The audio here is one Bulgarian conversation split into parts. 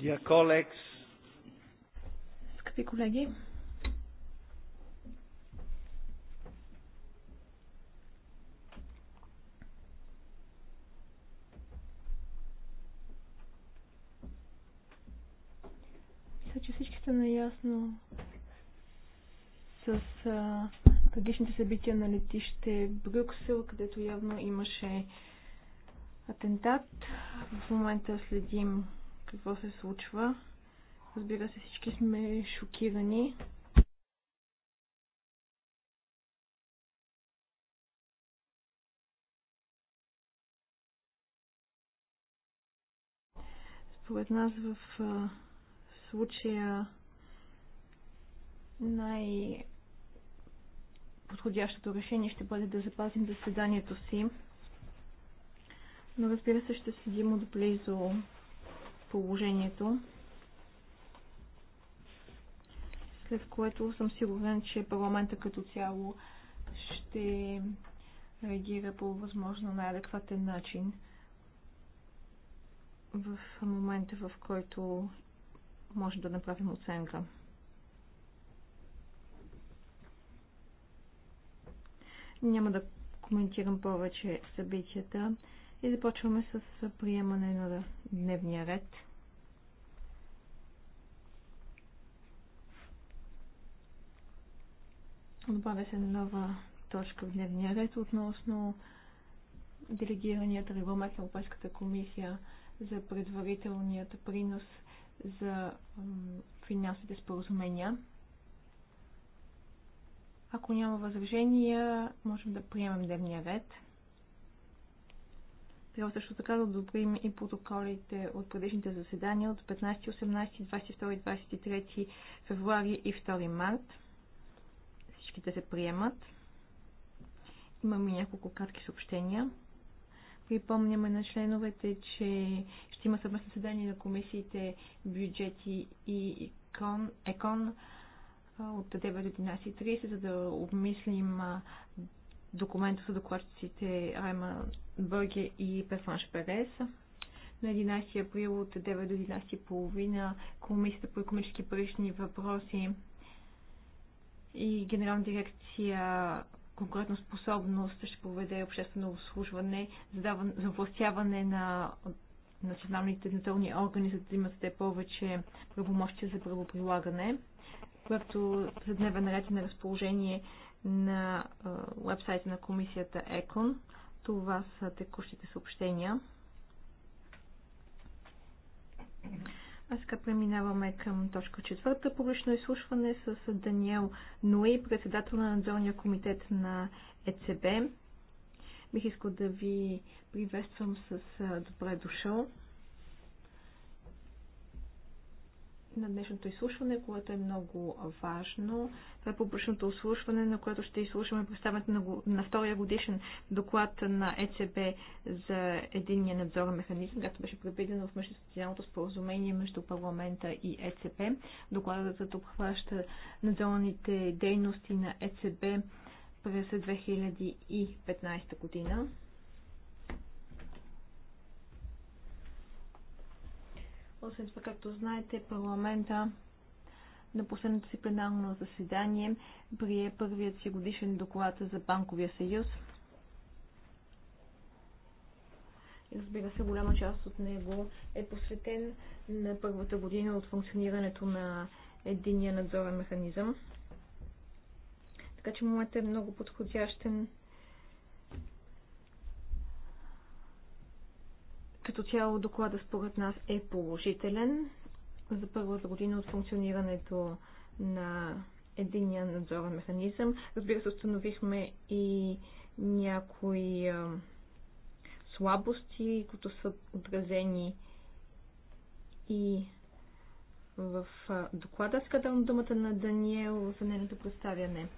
Dear colleagues, скъпи колеги, мисля, че всички са наясно с а, събития на летище Брюксел, където явно имаше атентат. В момента следим какво се случва. Разбира се, всички сме шокирани. Според нас в случая най- подходящото решение ще бъде да запазим заседанието си. Но разбира се, ще следим отблизо положението, след което съм сигурен, че парламента като цяло ще реагира по възможно най-адекватен начин в момента, в който може да направим оценка. Няма да коментирам повече събитията. И започваме с приемане на дневния ред. Добавя се нова точка в дневния ред относно делегираният регламент на Европейската комисия за предварителният принос за финансовите споразумения. Ако няма възражения, можем да приемем дневния ред. Трябва също така да одобрим и протоколите от предишните заседания от 15, 18, 22, 23 февруари и 2 март. Всичките се приемат. Имаме няколко кратки съобщения. Припомняме на членовете, че ще има съвместно заседание на комисиите бюджети и икон, ЕКОН от 9 до 11.30, за да обмислим документа за докладчиците има Бърге и Пефанш Перес. На 11 април от 9 до 11.30 Комисията по економически парични въпроси и Генерална дирекция конкретно способност ще проведе обществено обслужване за властяване на националните национални органи, за да имат те повече правомощия за правоприлагане, което за дневен ред е на разположение на вебсайта на комисията ЕКОН. Това са текущите съобщения. А сега преминаваме към точка четвърта. Публично изслушване с Даниел Нуи, председател на надзорния комитет на ЕЦБ. Бих искал да ви приветствам с добре дошъл. на днешното изслушване, което е много важно. Това е публичното изслушване, на което ще изслушаме представянето на, на втория годишен доклад на ЕЦБ за единния надзорен механизъм, както беше предвидено в междусоциалното споразумение между парламента и ЕЦБ. Докладът обхваща надзорните дейности на ЕЦБ през 2015 година. Освен това, както знаете, парламента на последното си пленарно заседание прие първият си годишен доклад за Банковия съюз. Разбира се, голяма част от него е посветен на първата година от функционирането на единия надзорен механизъм. Така че моментът е много подходящен Като цяло доклада според нас е положителен за първата година от функционирането на единия надзорен механизъм. Разбира се, установихме и някои слабости, които са отразени и в доклада. Сега давам думата на Даниел за нейното представяне.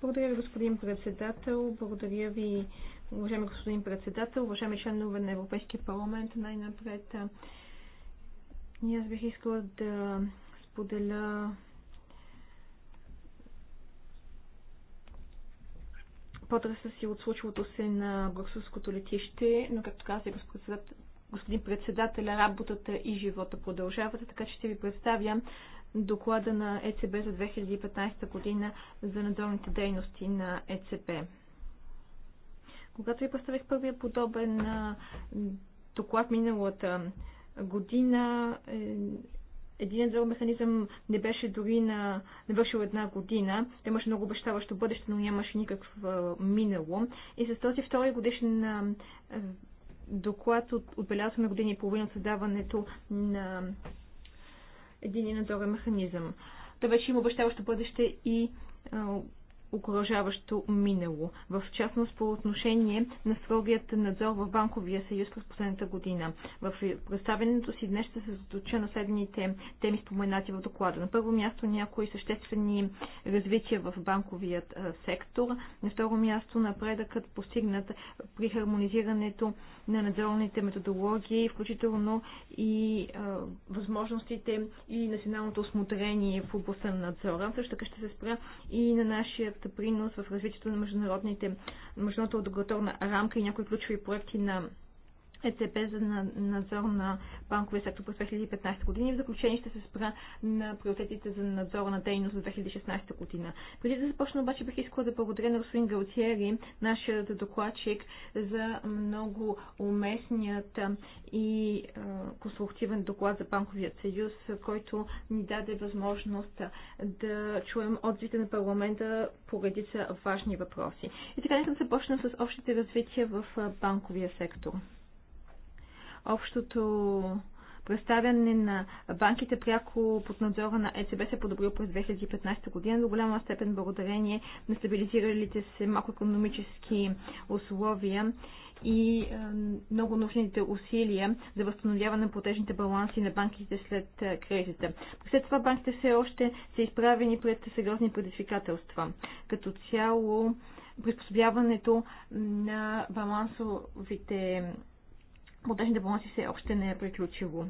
Благодаря ви, господин председател. Благодаря ви Уважаеми господин председател, уважаеми членове на Европейския парламент, най-напред ние аз бих искала да споделя Потреса си от случилото се на Брюкселското летище, но както каза господин председател, работата и живота продължават, така че ще ви представя доклада на ЕЦБ за 2015 година за надзорните дейности на ЕЦБ. Когато ви представих първия подобен доклад миналата година, е, един друг механизъм не беше дори на навършил една година. Той имаше много обещаващо бъдеще, но нямаше никакво минало. И с този втори годишен доклад от, отбелязваме години и половина от създаването на един надзорен механизъм. Той вече има обещаващо бъдеще и Окружаващо минало, в частност по отношение на строгият надзор в Банковия съюз през последната година. В представенето си днес ще се заточа на следните теми споменати в доклада. На първо място някои съществени развития в банковият сектор. На второ място напредъкът постигнат при хармонизирането на надзорните методологии, включително и а, възможностите и националното осмотрение в областта на надзора. Също така ще се спра и на нашият своят принос в развитието на международните, международната регулаторна рамка и някои ключови проекти на ЕЦБ за надзор на банковия сектор през 2015 година и в заключение ще се спра на приоритетите за надзора на дейност за 2016 година. Преди да започна обаче бих искала да благодаря на господин Галтиери, нашият докладчик, за много уместният и конструктивен доклад за Банковият съюз, който ни даде възможност да чуем отзивите на парламента по редица важни въпроси. И така нека да започна с общите развития в банковия сектор общото представяне на банките пряко под надзора на ЕЦБ се е подобрил през 2015 година до голяма степен благодарение на стабилизиралите се макроекономически условия и е, много нужните усилия за възстановяване на платежните баланси на банките след е, кризата. След това банките все още са изправени пред сериозни предизвикателства. Като цяло приспособяването на балансовите платежните баланси все още не е приключило.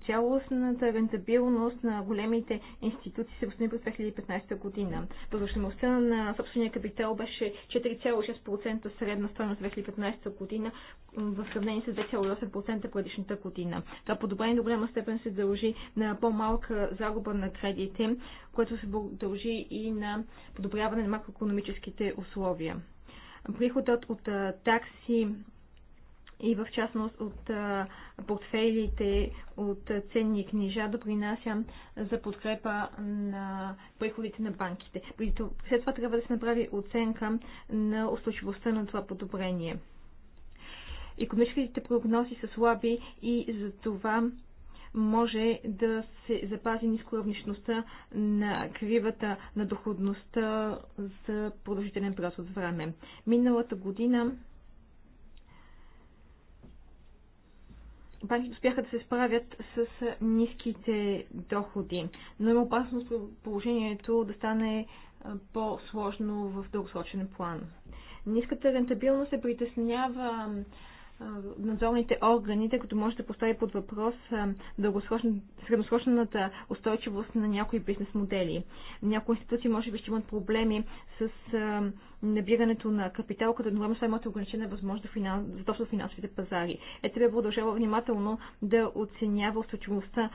Цялостната рентабилност на големите институции се възстанови през 2015 година. Възвръщаемостта на собствения капитал беше 4,6% средна стоеност 2015 година в сравнение с 2,8% предишната година. Това подобрение до голяма степен се дължи на по-малка загуба на кредите, което се дължи и на подобряване на макроекономическите условия. Приходът от такси и в частност от портфейлите от ценни книжа допринася за подкрепа на приходите на банките. След това трябва да се направи оценка на устойчивостта на това подобрение. Економическите прогнози са слаби и за това може да се запази равнищността на кривата на доходността за продължителен период от време. Миналата година банките успяха да се справят с ниските доходи. Но има опасност положението да стане по-сложно в дългосрочен план. Ниската рентабилност се притеснява надзорните органи, тъй като може да постави под въпрос средносрочната устойчивост на някои бизнес модели. Някои институции може би ще имат проблеми с набирането на капитал, като едновременно с това имате е ограничена възможност за достъп до финансовите пазари. ЕТБ продължава внимателно да оценява устойчивостта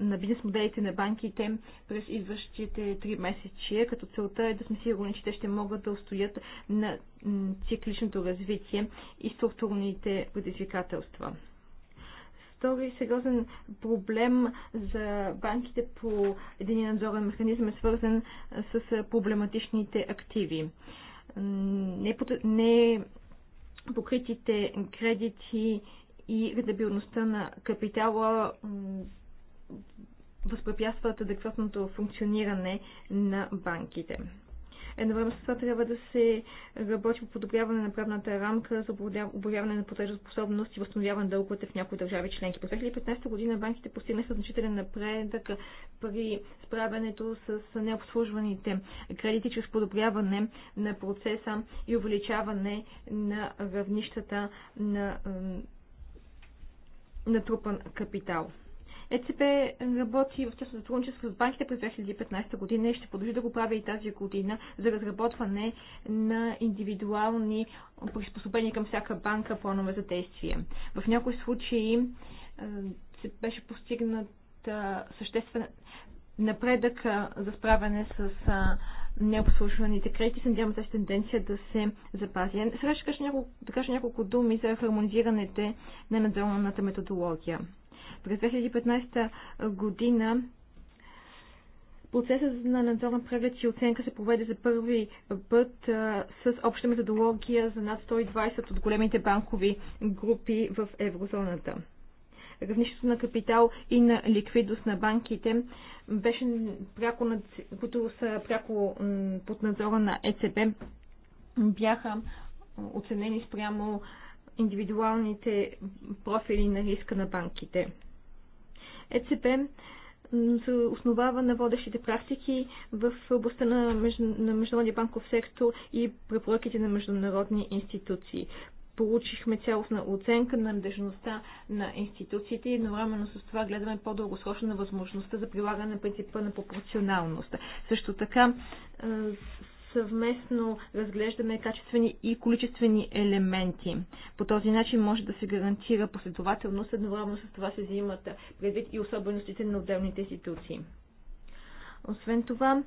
на бизнес моделите на банките през идващите три месечи, като целта е да сме сигурни, че те ще могат да устоят на цикличното развитие и структурните предизвикателства втори сериозен проблем за банките по един надзорен механизъм е свързан с проблематичните активи не покритите кредити и редабилността на капитала възпрепятстват адекватното функциониране на банките. Едновременно с това трябва да се работи по подобряване на правната рамка за обявяване на платежоспособност и възстановяване на дълговете в някои държави членки. През 2015 година банките постигнаха значителен напредък при справянето с необслужваните кредити чрез подобряване на процеса и увеличаване на равнищата на натрупан капитал. ЕЦП работи в тясно сътрудничество с банките през 2015 година и ще продължи да го прави и тази година за разработване на индивидуални приспособления към всяка банка планове за действие. В някои случаи е, се беше постигнат съществен напредък е, за справяне с е, необслужваните кредити. Се надявам тази тенденция да се запази. Сега ще кажа няколко, да кажа няколко думи за хармонизирането на надзорната методология. През 2015 година Процесът на надзорен преглед и оценка се проведе за първи път а, с обща методология за над 120 от големите банкови групи в еврозоната. Равнището на капитал и на ликвидност на банките беше пряко над, които са пряко под надзора на ЕЦБ бяха оценени спрямо индивидуалните профили на риска на банките. ЕЦП се основава на водещите практики в областта на, на международния банков сектор и препоръките на международни институции. Получихме цялостна оценка на надежността на институциите и едновременно с това гледаме по-дългосрочно на възможността за прилагане на принципа на пропорционалност. Също така съвместно разглеждаме качествени и количествени елементи. По този начин може да се гарантира последователност, едновременно с това се взимат предвид и особеностите на отделните институции. Освен това,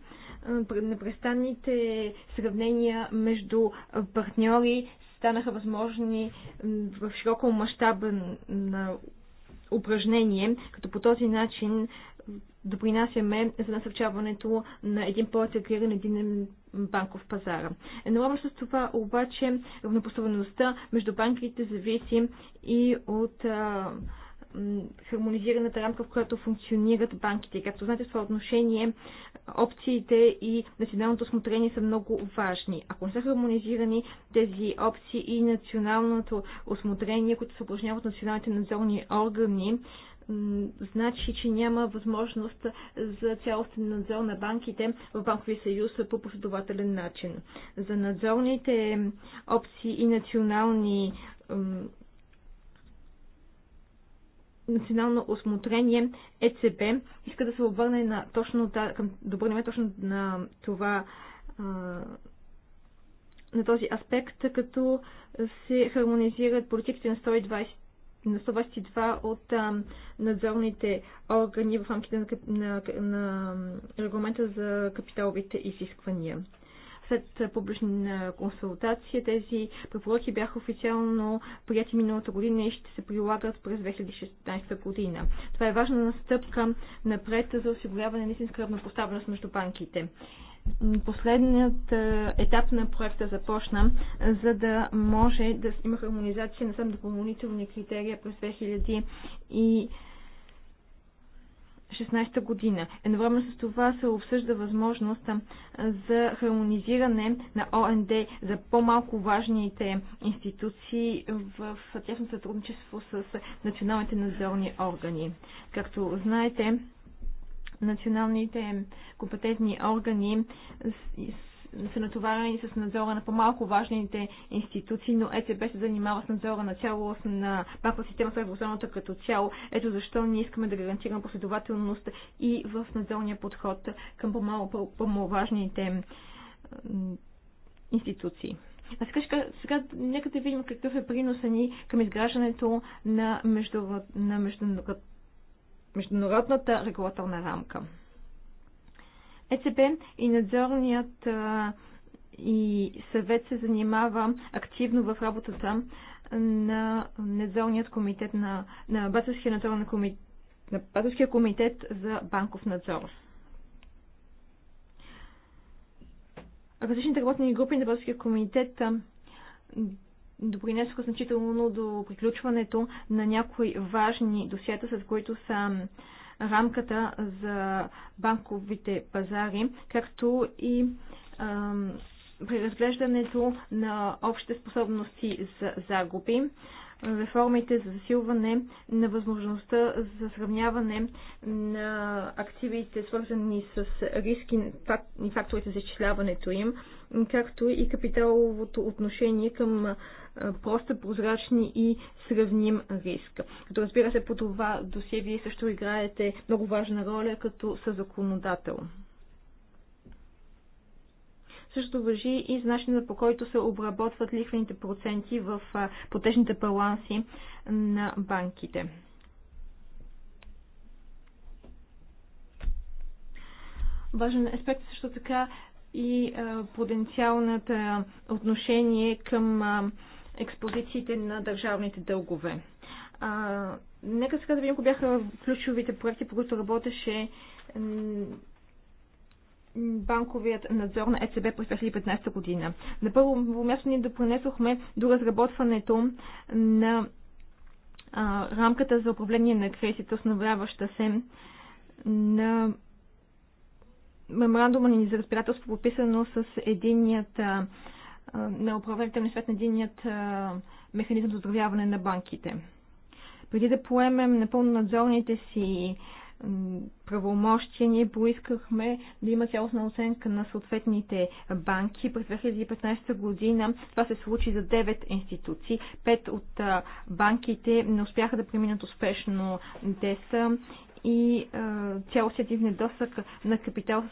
непрестанните сравнения между партньори станаха възможни в широко мащаб на упражнение, като по този начин допринасяме за насърчаването на един по-интегриран един банков пазар. Едновременно с това обаче равнопоставеността между банките зависи и от хармонизираната рамка, в която функционират банките. Както знаете, в това отношение опциите и националното осмотрение са много важни. Ако не са хармонизирани тези опции и националното осмотрение, които се упражняват националните надзорни органи, значи, че няма възможност за цялостен надзор на банките в банкови съюз по последователен начин. За надзорните опции и национални национално осмотрение ЕЦБ иска да се обърне на точно, към, да обърнем точно на това на този аспект, като се хармонизират политиките на 120 на два от а, надзорните органи в рамките на, на, на регламента за капиталовите изисквания след публична консултация. Тези препоръки бяха официално прияти миналата година и ще се прилагат през 2016 година. Това е важна настъпка напред за осигуряване на истинска равнопоставеност между банките последният е, етап на проекта започна, за да може да има хармонизация на само допълнителни критерия през 2000 и 2016 година. Едновременно с това се обсъжда възможност за хармонизиране на ОНД за по-малко важните институции в тясно сътрудничество с националните надзорни органи. Както знаете, националните компетентни органи са натоварени с надзора на по-малко важните институции, но ЕЦБ се занимава с надзора на цялост на банковата система в еврозоната като цяло. Ето защо ние искаме да гарантираме последователност и в надзорния подход към по-малко по-важните институции. А сега, сега нека да видим какъв е приноса ни към изграждането на, международ, на международната регулаторна рамка. ЕЦБ и надзорният и съвет се занимава активно в работата на надзорният комитет на, на Батовския на, комитет на Батовския комитет за банков надзор. Различните работни групи на Батовския комитет допринесоха значително до приключването на някои важни досията, с които са рамката за банковите пазари, както и преразглеждането на общите способности за загуби, реформите за засилване на възможността за сравняване на активите, свързани с риски и факторите за изчисляването им, както и капиталовото отношение към проста, прозрачни и сравним риск. Като разбира се, по това досие вие също играете много важна роля като съзаконодател. Също въжи и за начина по който се обработват лихвените проценти в потежните баланси на банките. Важен аспект също така и а, потенциалната отношение към а, експозициите на държавните дългове. А, нека сега да видим кои бяха ключовите проекти, по които работеше банковият надзор на ЕЦБ през 2015 година. На първо място ние допринесохме до разработването на а, рамката за управление на кризите, основаваща се на меморандума ни за разбирателство, подписано с единият а, на управителния свет на единият механизъм за оздравяване на банките. Преди да поемем напълно надзорните си правомощия, ние поискахме да има цялостна оценка на съответните банки. През 2015 година това се случи за 9 институции. 5 от банките не успяха да преминат успешно деса и цялостният им недостъг на капитал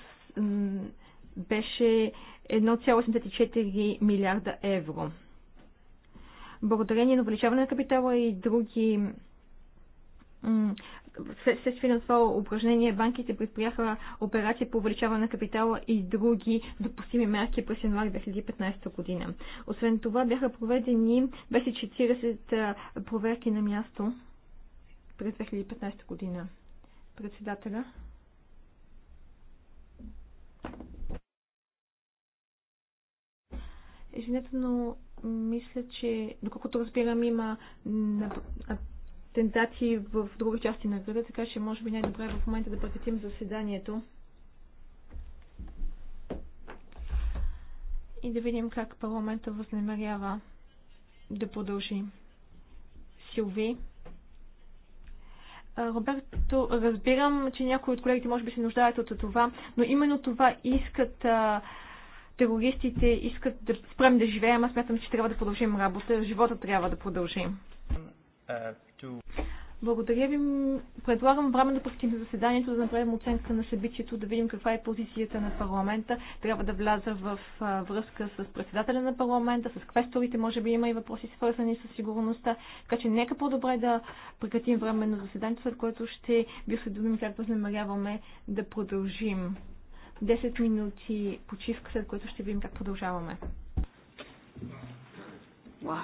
беше 1,84 милиарда евро. Благодарение на увеличаване на капитала и други Следствие на това упражнение банките предприяха операции по увеличаване на капитала и други допустими мерки през януари 2015 година. Освен това бяха проведени 240 проверки на място през 2015 година. Председателя. Извинете, но мисля, че доколкото разбирам, има атентати в други части на града, така че може би най-добре е в момента да прекратим заседанието. И да видим как парламента възнамерява да продължи. Силви. Роберто, разбирам, че някои от колегите може би се нуждаят от това, но именно това искат а, терористите искат да спрем да живеем, аз смятам, че трябва да продължим работа. Живота трябва да продължим. Благодаря ви. Предлагам време да за заседанието, да направим оценка на събитието, да видим каква е позицията на парламента. Трябва да вляза в връзка с председателя на парламента, с квесторите, може би има и въпроси свързани с сигурността. Така че нека по-добре да прекратим време на заседанието, след което ще ви осведомим как възнамеряваме да продължим. 10 минути почивка, след което ще видим как продължаваме. Wow.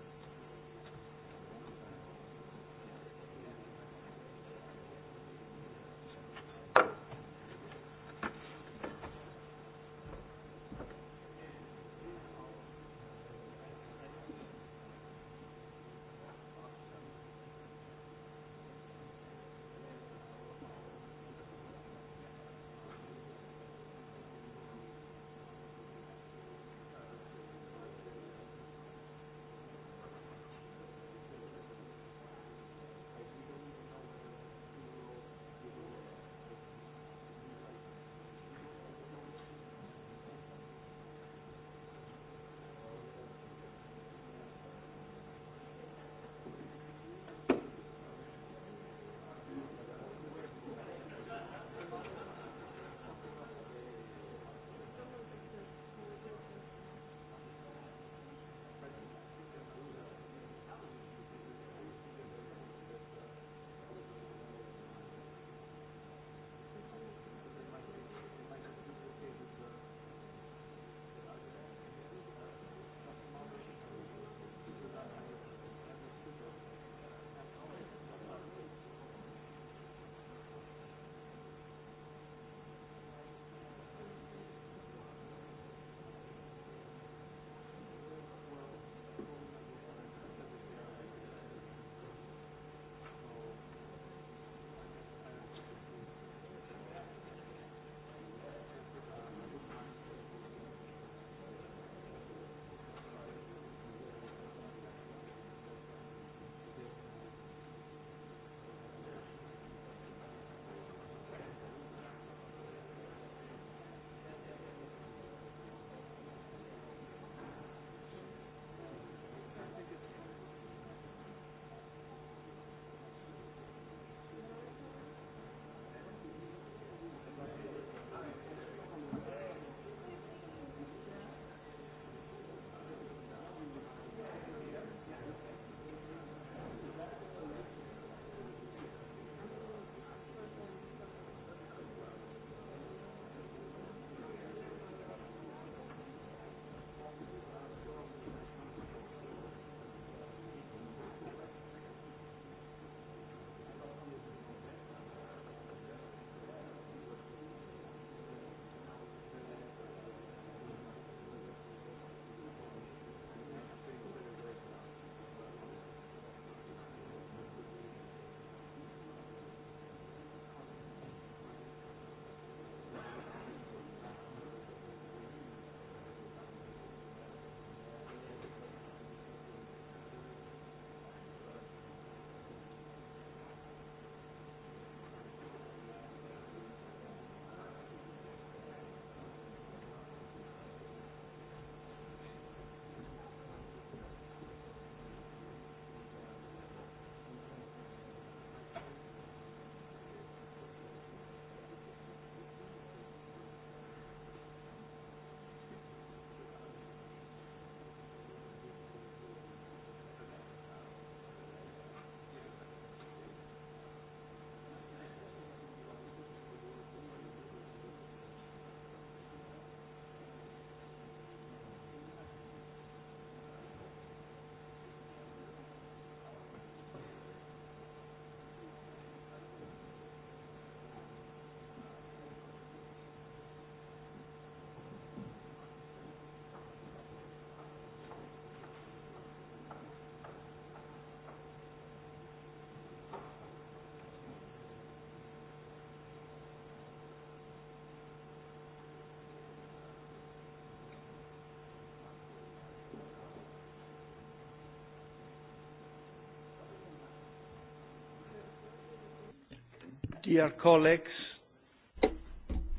dear colleagues.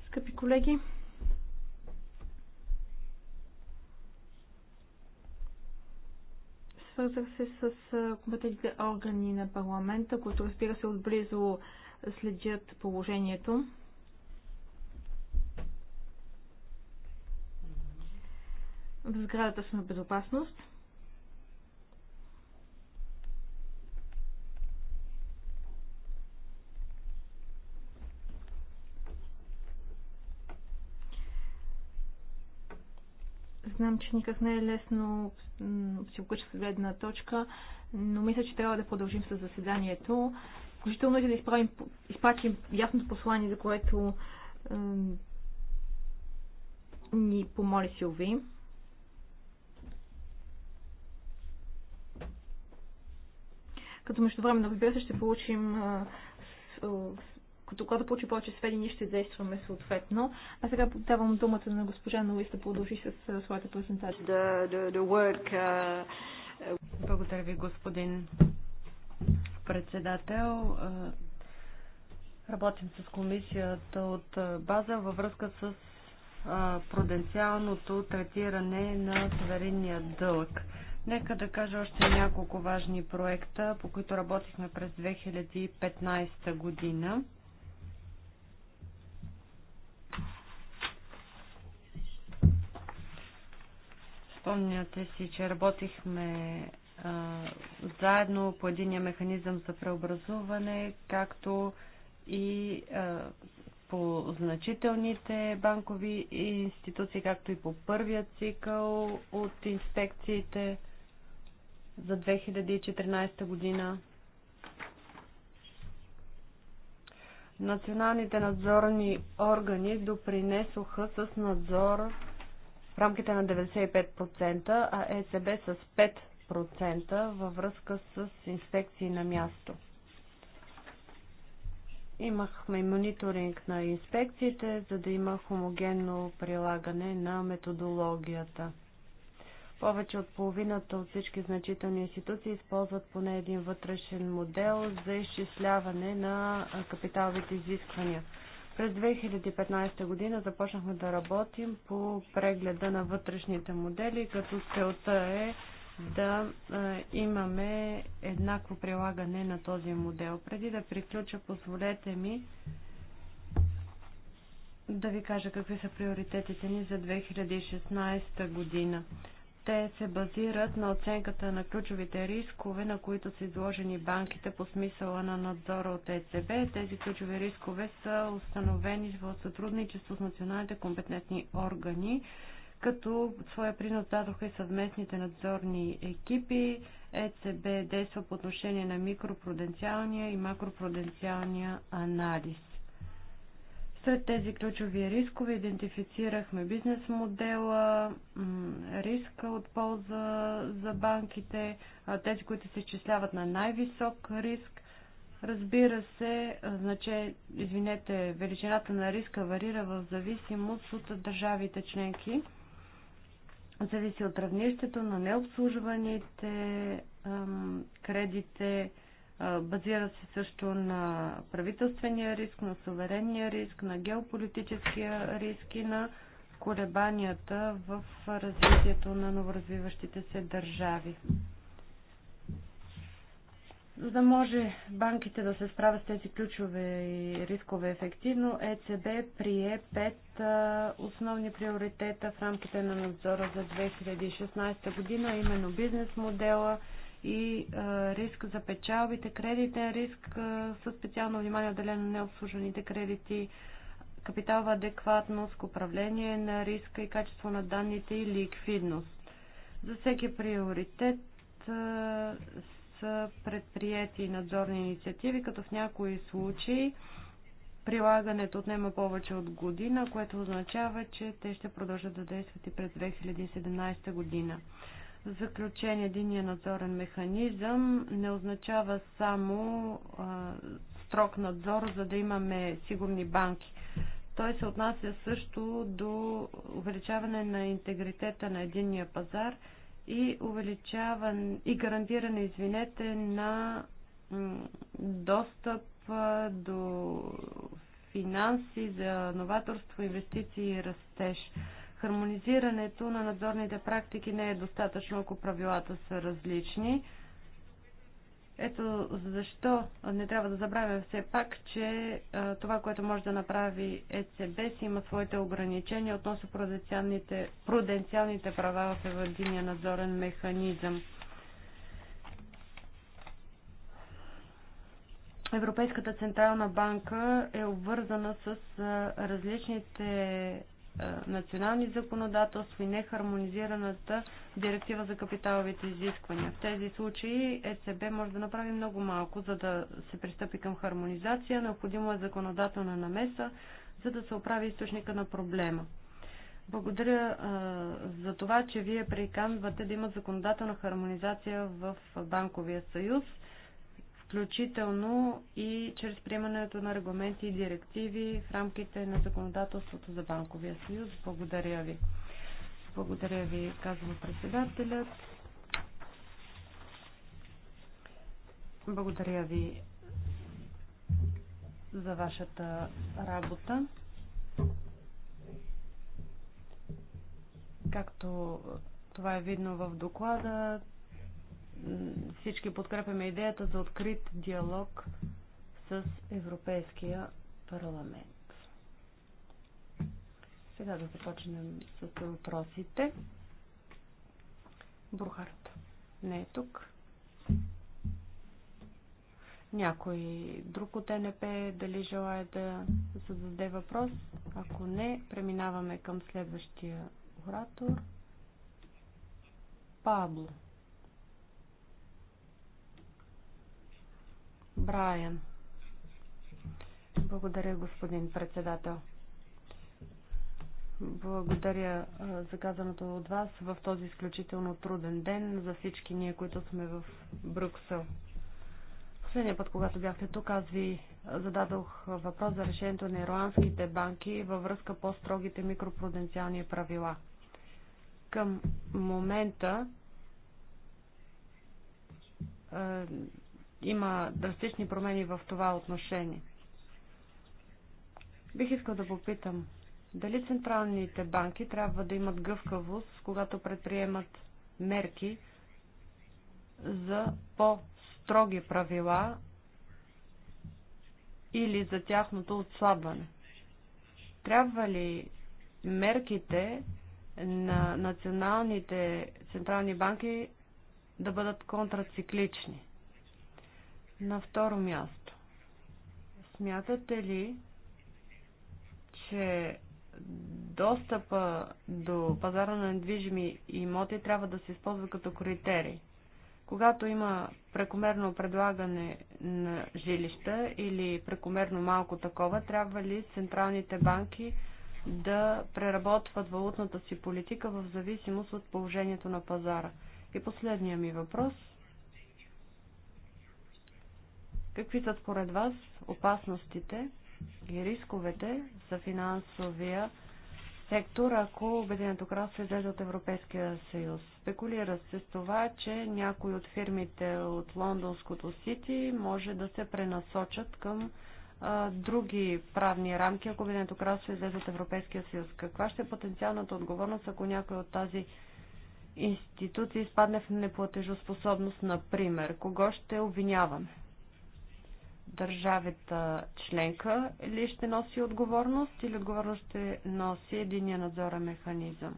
Скъпи колеги, свързах се с компетентните органи на парламента, които разбира се отблизо следят положението. В сградата сме безопасност. че никак не е лесно психологическа гледна точка, но мисля, че трябва да продължим с заседанието. Включително и да изправим, изпратим ясното послание, за което е, ни помоли Силви. Като между време, разбира се, ще получим е, когато получи повече сведения, ще действаме съответно. А сега давам думата на госпожа Налис да продължи с своята презентация. The, the, the work, uh... uh Благодаря ви, господин председател. Работим с комисията от база във връзка с пруденциалното третиране на суверенния дълг. Нека да кажа още няколко важни проекта, по които работихме през 2015 година. Спомняте си, че работихме а, заедно по единия механизъм за преобразуване, както и а, по значителните банкови институции, както и по първия цикъл от инспекциите за 2014 година. Националните надзорни органи допринесоха с надзор в рамките на 95%, а ЕЦБ с 5% във връзка с инспекции на място. Имахме и мониторинг на инспекциите, за да има хомогенно прилагане на методологията. Повече от половината от всички значителни институции използват поне един вътрешен модел за изчисляване на капиталовите изисквания. През 2015 година започнахме да работим по прегледа на вътрешните модели, като целта е да е, имаме еднакво прилагане на този модел. Преди да приключа, позволете ми да ви кажа какви са приоритетите ни за 2016 година. Те се базират на оценката на ключовите рискове, на които са изложени банките по смисъла на надзора от ЕЦБ. Тези ключови рискове са установени в сътрудничество с националните компетентни органи, като своя принос дадоха и съвместните надзорни екипи. ЕЦБ действа по отношение на микропруденциалния и макропруденциалния анализ. Сред тези ключови рискове идентифицирахме бизнес модела, риска от полза за банките, тези, които се изчисляват на най-висок риск. Разбира се, значи, извинете, величината на риска варира в зависимост от държавите членки. Зависи от равнището на необслужваните кредите, Базира се също на правителствения риск, на суверенния риск, на геополитическия риск и на колебанията в развитието на новоразвиващите се държави. За да може банките да се справят с тези ключове и рискове ефективно, ЕЦБ прие пет основни приоритета в рамките на надзора за 2016 година, именно бизнес модела, и риск за печалбите, кредитен риск със специално внимание отделено на необслужените кредити, капиталва адекватност, управление на риска и качество на данните и ликвидност. За всеки приоритет са предприяти надзорни инициативи, като в някои случаи прилагането отнема повече от година, което означава, че те ще продължат да действат и през 2017 година. В заключение, единия надзорен механизъм не означава само а, строг надзор, за да имаме сигурни банки. Той се отнася също до увеличаване на интегритета на единния пазар и, увеличаване, и гарантиране, извинете, на достъп до финанси за новаторство, инвестиции и растеж. Хармонизирането на надзорните практики не е достатъчно, ако правилата са различни. Ето защо не трябва да забравя все пак, че а, това, което може да направи ЕЦБ, си има своите ограничения относно пруденциалните, пруденциалните права в евадиния надзорен механизъм. Европейската централна банка е обвързана с различните е, национални законодателства и нехармонизираната директива за капиталовите изисквания. В тези случаи ЕЦБ може да направи много малко, за да се пристъпи към хармонизация. Необходимо е законодателна намеса, за да се оправи източника на проблема. Благодаря а, е, за това, че вие приканвате да има законодателна хармонизация в Банковия съюз включително и чрез приемането на регламенти и директиви в рамките на законодателството за банковия съюз. Благодаря ви. Благодаря ви, казва председателят. Благодаря ви за вашата работа. Както това е видно в доклада, всички подкрепяме идеята за открит диалог с Европейския парламент. Сега да започнем с въпросите. Бурхарт не е тук. Някой друг от НП дали желая да зададе въпрос? Ако не, преминаваме към следващия оратор. Пабло. Брайан. Благодаря, господин председател. Благодаря за казаното от вас в този изключително труден ден за всички ние, които сме в Брюксел. Последния път, когато бяхте тук, аз ви зададох въпрос за решението на ирландските банки във връзка по-строгите микропруденциални правила. Към момента има драстични промени в това отношение. Бих искал да попитам, дали централните банки трябва да имат гъвкавост, когато предприемат мерки за по-строги правила или за тяхното отслабване? Трябва ли мерките на националните централни банки да бъдат контрациклични? На второ място, смятате ли, че достъпа до пазара на недвижими имоти трябва да се използва като критерий? Когато има прекомерно предлагане на жилища или прекомерно малко такова, трябва ли централните банки да преработват валутната си политика в зависимост от положението на пазара? И последния ми въпрос – Какви са според вас опасностите и рисковете за финансовия сектор, ако Обединеното кралство излезе от Европейския съюз? Спекулира се с това, че някои от фирмите от лондонското Сити може да се пренасочат към а, други правни рамки, ако Обединеното кралство излезе от Европейския съюз. Каква ще е потенциалната отговорност, ако някой от тази институция изпадне в неплатежоспособност, например? Кого ще обвиняваме? държавата членка ли ще носи отговорност или отговорност ще носи единия надзорен механизъм?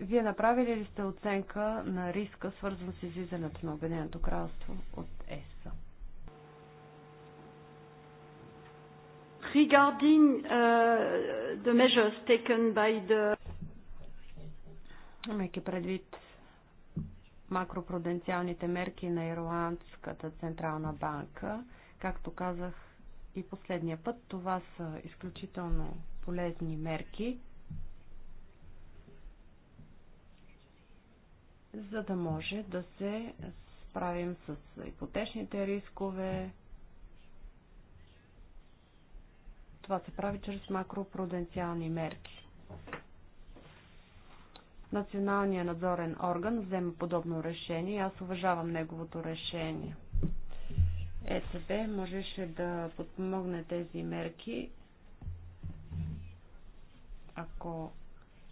Вие направили ли сте оценка на риска, свързан с излизането на Обединеното кралство от ЕС? Regarding uh, the measures taken by the... Имайки предвид макропруденциалните мерки на Ирландската централна банка. Както казах и последния път, това са изключително полезни мерки, за да може да се справим с ипотечните рискове. Това се прави чрез макропруденциални мерки. Националният надзорен орган взема подобно решение и аз уважавам неговото решение. ЕЦБ можеше да подпомогне тези мерки, ако,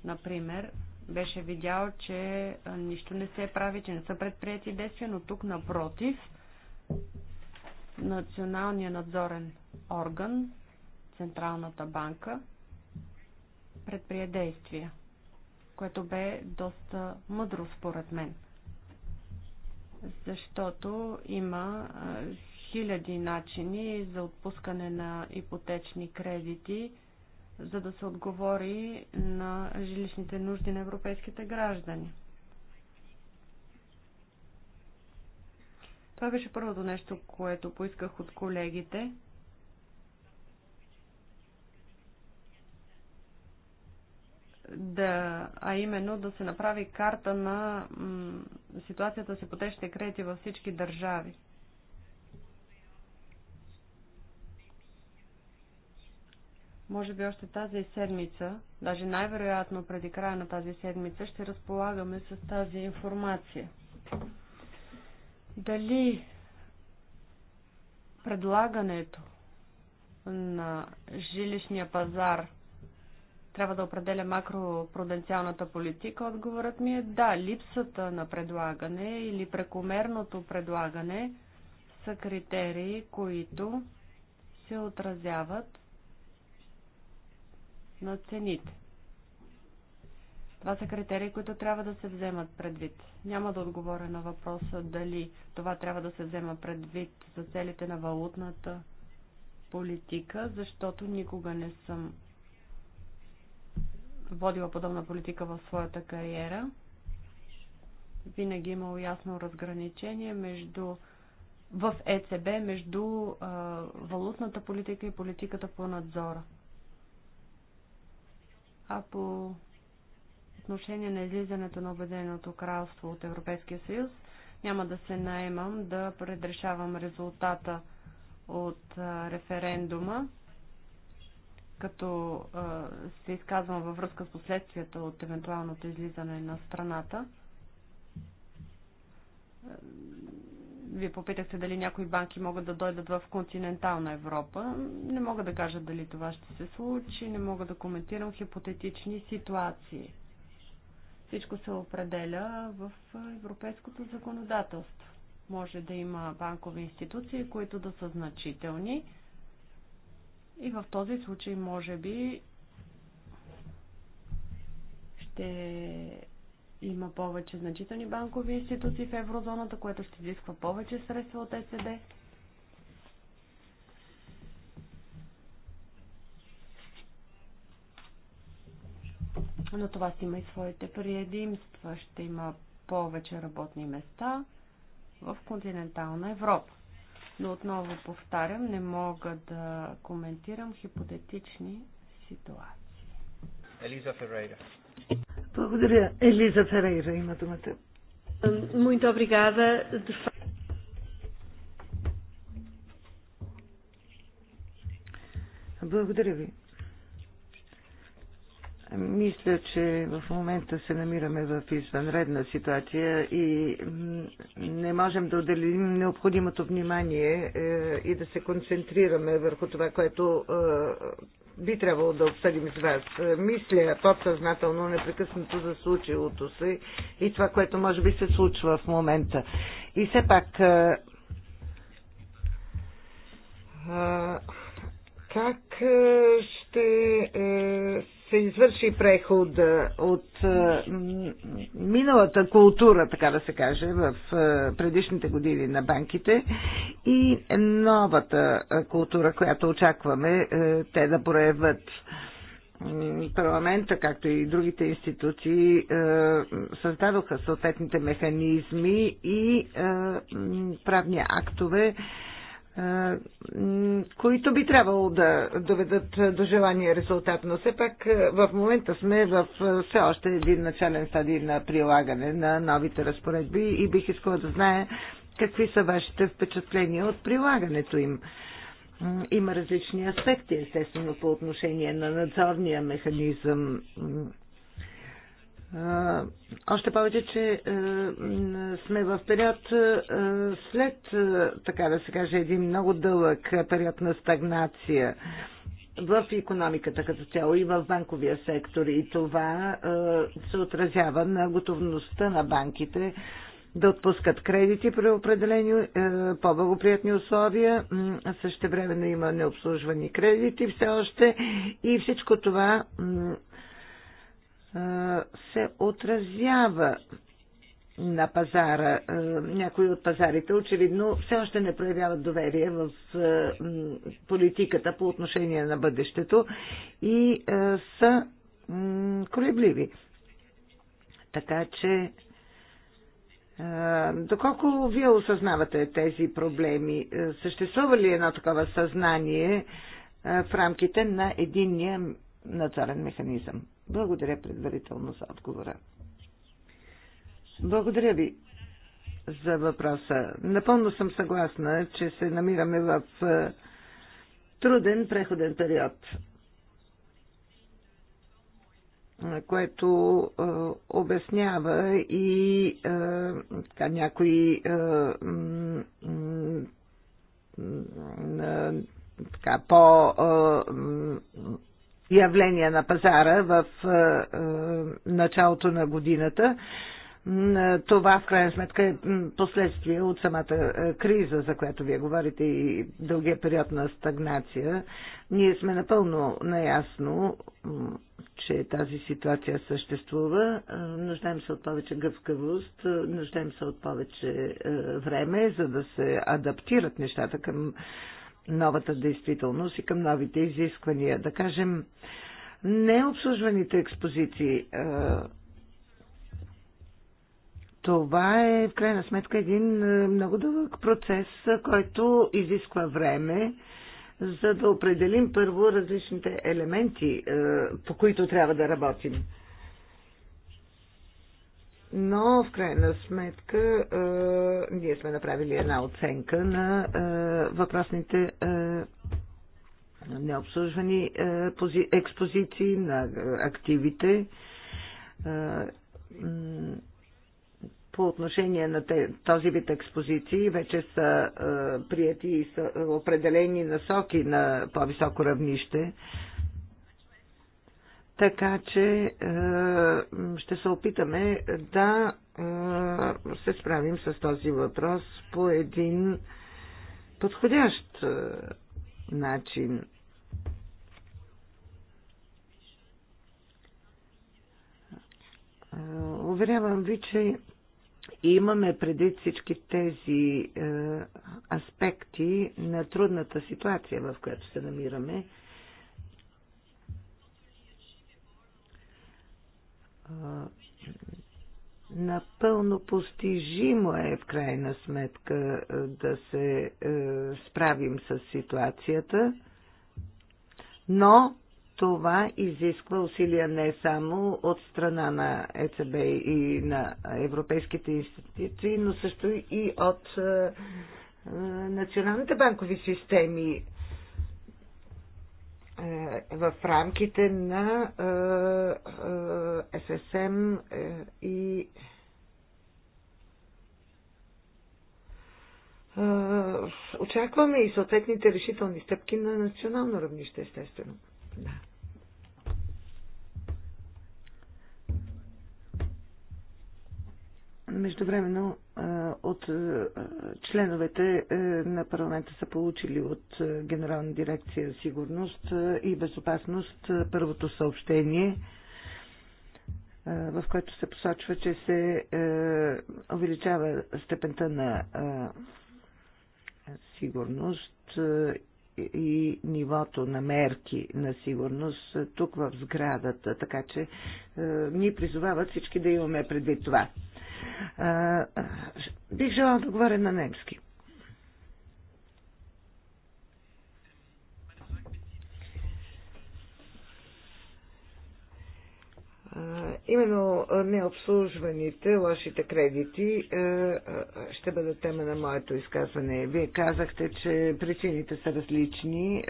например, беше видял, че нищо не се прави, че не са предприяти действия, но тук напротив Националният надзорен орган, Централната банка, предприе действия което бе доста мъдро според мен. Защото има хиляди начини за отпускане на ипотечни кредити, за да се отговори на жилищните нужди на европейските граждани. Това беше първото нещо, което поисках от колегите – да, а именно да се направи карта на ситуацията с ипотечните кредити във всички държави. Може би още тази седмица, даже най-вероятно преди края на тази седмица, ще разполагаме с тази информация. Дали предлагането на жилищния пазар – трябва да определя макропруденциалната политика, отговорът ми е да, липсата на предлагане или прекомерното предлагане са критерии, които се отразяват на цените. Това са критерии, които трябва да се вземат предвид. Няма да отговоря на въпроса дали това трябва да се взема предвид за целите на валутната политика, защото никога не съм водила подобна политика в своята кариера. Винаги е имало ясно разграничение между в ЕЦБ между а, валутната политика и политиката по надзора. А по отношение на излизането на Обединеното кралство от Европейския съюз, няма да се наемам да предрешавам резултата от референдума като се изказвам във връзка с последствията от евентуалното излизане на страната. Вие попитахте дали някои банки могат да дойдат в континентална Европа. Не мога да кажа дали това ще се случи, не мога да коментирам хипотетични ситуации. Всичко се определя в европейското законодателство. Може да има банкови институции, които да са значителни и в този случай, може би, ще има повече значителни банкови институции в еврозоната, което ще изисква повече средства от ЕСБ. Но това си има и своите предимства. Ще има повече работни места в континентална Европа. Но отново повтарям, не мога да коментирам хипотетични ситуации. Елиза Ферейра. Благодаря. Елиза Ферейра има думата. Muito obrigada. Благодаря ви. Мисля, че в момента се намираме в извънредна ситуация и не можем да отделим необходимото внимание е, и да се концентрираме върху това, което е, би трябвало да обсъдим с вас. Е, мисля подсъзнателно непрекъснато за случилото се и това, което може би се случва в момента. И все пак как ще се извърши преход е, от е, миналата култура, така да се каже, в е, предишните години на банките и новата култура, която очакваме те да проявят парламента, както и другите институции, създадоха съответните механизми и правни актове, които би трябвало да доведат до желания резултат, но все пак в момента сме в все още един начален стадий на прилагане на новите разпоредби и бих искала да знае какви са вашите впечатления от прилагането им. Има различни аспекти, естествено, по отношение на надзорния механизъм още повече, че е, сме в период е, след, е, така да се каже, един много дълъг период на стагнация в економиката като цяло и в банковия сектор. И това се отразява на готовността на банките да отпускат кредити при определени по-благоприятни условия. Също времено има необслужвани кредити все още и всичко това се отразява на пазара. Някои от пазарите очевидно все още не проявяват доверие в политиката по отношение на бъдещето и са колебливи. Така че, доколко вие осъзнавате тези проблеми, съществува ли едно такова съзнание в рамките на единния надзорен механизъм? Благодаря предварително за отговора. Благодаря ви за въпроса. Напълно съм съгласна, че се намираме в е, труден преходен период, което е, обяснява и е, така, някои така, по явления на пазара в е, е, началото на годината. Е, това в крайна сметка е последствие от самата криза, за която вие говорите и дългия период на стагнация. Ние сме напълно наясно, че тази ситуация съществува. Нуждаем се от повече гъвкавост, нуждаем се от повече време, за да се адаптират нещата към новата действителност и към новите изисквания. Да кажем, необслужваните експозиции. Е, това е, в крайна сметка, един е, много дълъг процес, е, който изисква време, за да определим първо различните елементи, по които трябва да работим но в крайна сметка а, ние сме направили една оценка на а, въпросните а, необслужвани а, пози, експозиции на а, активите. А, по отношение на този вид експозиции вече са е, прияти и са определени насоки на по-високо равнище. Е, така че е, ще се опитаме да е, се справим с този въпрос по един подходящ е, начин. Уверявам ви, че имаме преди всички тези аспекти на трудната ситуация, в която се намираме напълно постижимо е в крайна сметка да се справим с ситуацията, но това изисква усилия не само от страна на ЕЦБ и на европейските институции, но също и от националните банкови системи. Е, в рамките на е, е, ССМ и очакваме и съответните решителни стъпки на национално равнище, естествено. Да. Междувременно от членовете на парламента са получили от Генерална дирекция сигурност и безопасност първото съобщение, в което се посочва, че се увеличава степента на сигурност и нивото на мерки на сигурност тук в сградата, така че ни призовават всички да имаме предвид това. Бих желал да говоря на немски. Именно необслужваните, лошите кредити ще бъдат тема на моето изказване. Вие казахте, че причините са различни.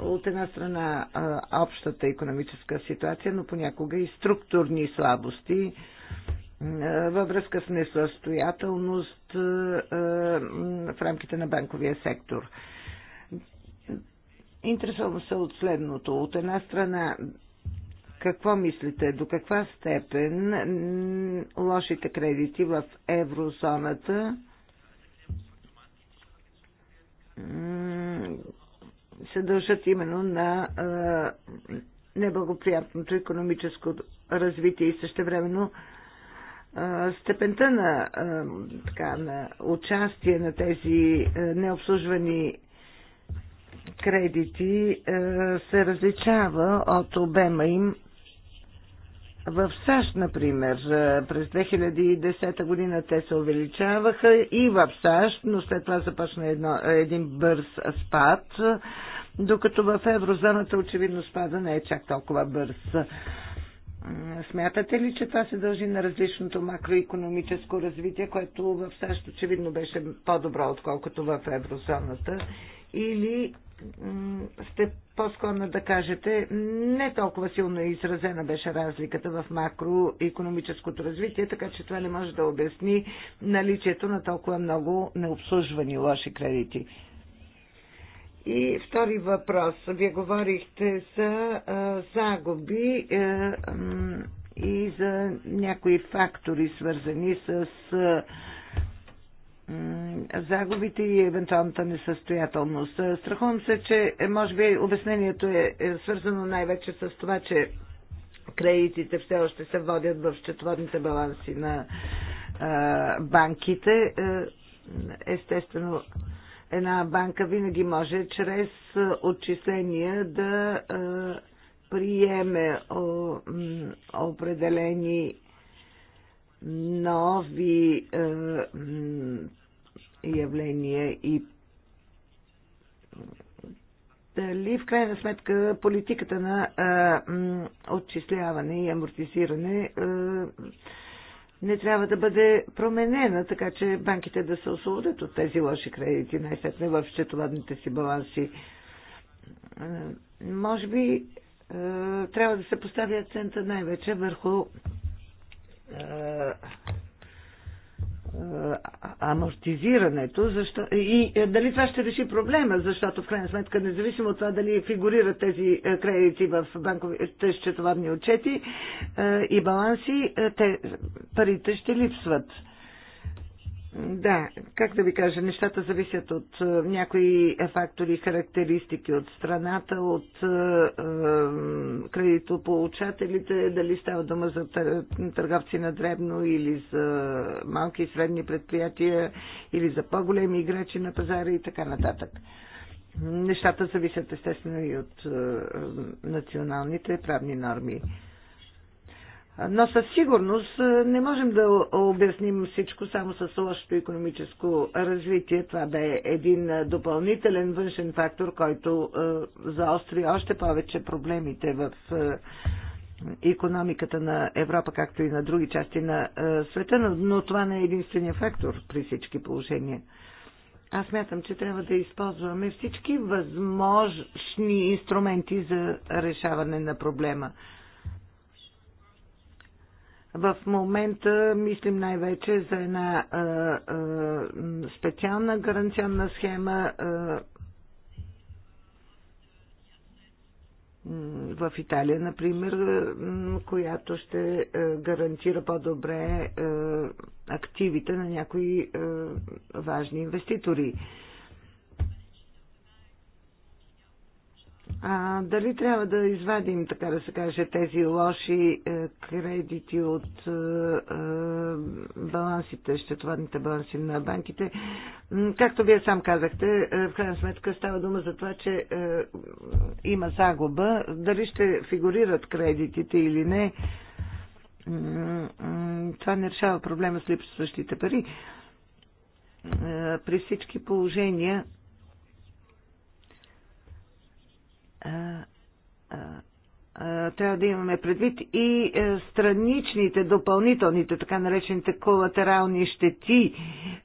От една страна общата економическа ситуация, но понякога и структурни слабости във връзка с несъстоятелност в рамките на банковия сектор. Интересувам се от следното. От една страна, какво мислите, до каква степен лошите кредити в еврозоната се дължат именно на неблагоприятното економическо развитие и същевременно времено степента на, така, на участие на тези необслужвани кредити се различава от обема им. В САЩ, например, през 2010 година те се увеличаваха и в САЩ, но след това започна едно, един бърз спад, докато в еврозоната очевидно спада не е чак толкова бърз. Смятате ли, че това се дължи на различното макроекономическо развитие, което в САЩ очевидно беше по-добро, отколкото в еврозоната? Или сте по-склонна да кажете, не толкова силно изразена беше разликата в макроекономическото развитие, така че това не може да обясни наличието на толкова много необслужвани лоши кредити. И втори въпрос. Вие говорихте за а, загуби а, и за някои фактори, свързани с а, загубите и евентуалната несъстоятелност. Страхувам се, че може би обяснението е, е свързано най-вече с това, че кредитите все още се водят в счетоводните баланси на а, банките. Е, естествено, една банка винаги може чрез отчисления да приеме определени нови явления и дали в крайна сметка политиката на а, отчисляване и амортизиране а, не трябва да бъде променена, така че банките да се освободят от тези лоши кредити, най-сетне в счетоводните си баланси. Е, може би е, трябва да се постави акцента най-вече върху е, е, амортизирането, защо... и е, дали това ще реши проблема, защото в крайна сметка, независимо от това дали фигурират тези е, кредити в банковите счетоварни отчети и баланси, те, парите ще липсват. Да, как да ви кажа, нещата зависят от е, някои е, фактори, характеристики от страната, от е, е, кредитополучателите, дали става дума за търговци на дребно или за малки и средни предприятия или за по-големи играчи на пазара и така нататък. Нещата зависят естествено и от е, националните правни норми. Но със сигурност не можем да обясним всичко само с лошото економическо развитие. Това бе един допълнителен външен фактор, който заостри още повече проблемите в економиката на Европа, както и на други части на света, но това не е единствения фактор при всички положения. Аз мятам, че трябва да използваме всички възможни инструменти за решаване на проблема. В момента мислим най-вече за една а, а, специална гаранционна схема а, в Италия, например, която ще гарантира по-добре активите на някои важни инвеститори А, дали трябва да извадим, така да се каже, тези лоши е, кредити от е, е, балансите, щетоводните баланси на банките? Както вие сам казахте, е, в крайна сметка става дума за това, че е, има загуба. Дали ще фигурират кредитите или не, това не решава проблема с липсващите пари. Е, при всички положения трябва да имаме предвид и е, страничните, допълнителните, така наречените колатерални щети.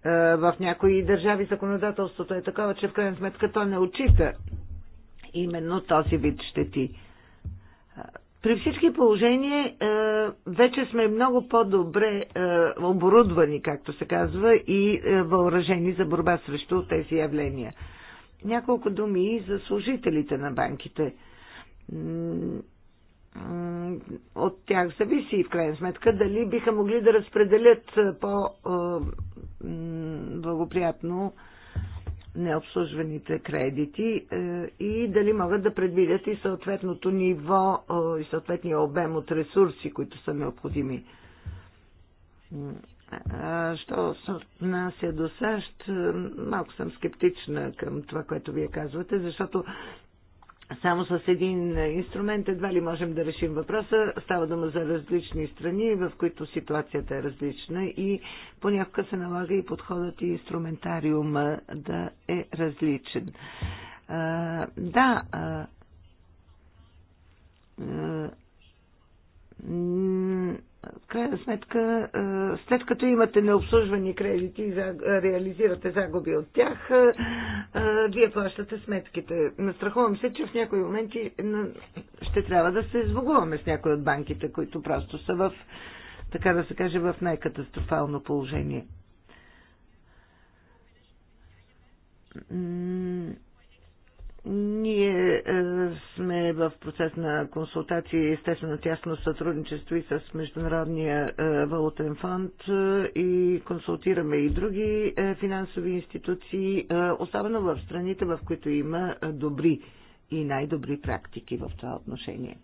Е, в някои държави законодателството е такова, че в крайна сметка то не отчита именно този вид щети. При всички положения е, вече сме много по-добре оборудвани, както се казва, и въоръжени за борба срещу тези явления. Няколко думи и за служителите на банките. От тях зависи в крайна сметка дали биха могли да разпределят по-благоприятно необслужваните кредити и дали могат да предвидят и съответното ниво и съответния обем от ресурси, които са необходими Що се отнася до САЩ, малко съм скептична към това, което вие казвате, защото само с един инструмент едва ли можем да решим въпроса. Става дума за различни страни, в които ситуацията е различна и понякога се налага и подходът и инструментариума да е различен. А, да, а, а, в крайна сметка, е, след като имате необслужвани кредити и е, реализирате загуби от тях, е, вие плащате сметките. Настрахувам се, че в някои моменти ще трябва да се звугуваме с някои от банките, които просто са в, така да се каже, в най-катастрофално положение ние е, сме в процес на консултации, естествено тясно сътрудничество и с Международния е, валутен фонд е, и консултираме и други финансови институции, особено в страните, в които има добри и най-добри практики в това отношение.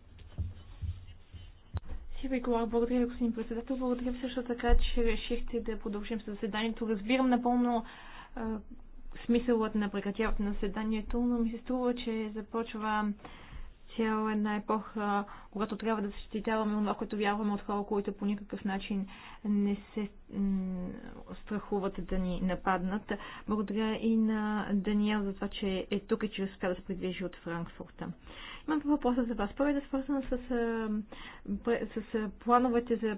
благодаря, господин председател. Благодаря също така, че решихте да продължим със заседанието. Разбирам напълно смисълът на прекратяването на заседанието, но ми се струва, че започва цяла една епоха, когато трябва да защитаваме това, което вярваме от хора, които по никакъв начин не се страхуват да ни нападнат. Благодаря и на Даниел за това, че е тук и че успя да се придвижи от Франкфурта. Имам въпроса за вас. Първо е свързан с, с плановете за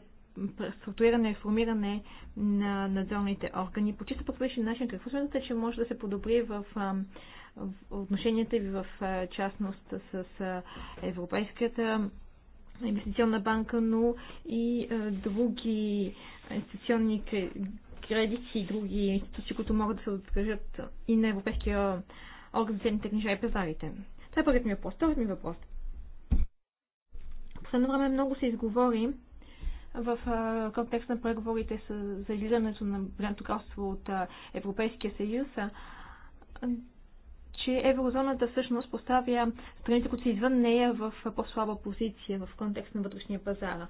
структуриране, реформиране на надзорните органи. По чисто патологичен начин, какво смятате, че може да се подобри в, в отношенията ви в частност с Европейската инвестиционна банка, но и други инвестиционни кредити и други институции, които могат да се откажат и на Европейския орган за ценните книжа и пазарите? Това е първият ми въпрос. Вторият ми въпрос. Последно време много се изговори в контекст на преговорите за излизането на Бранто кралство от Европейския съюз, че еврозоната всъщност поставя страните, които са извън нея в по-слаба позиция в контекст на вътрешния пазар.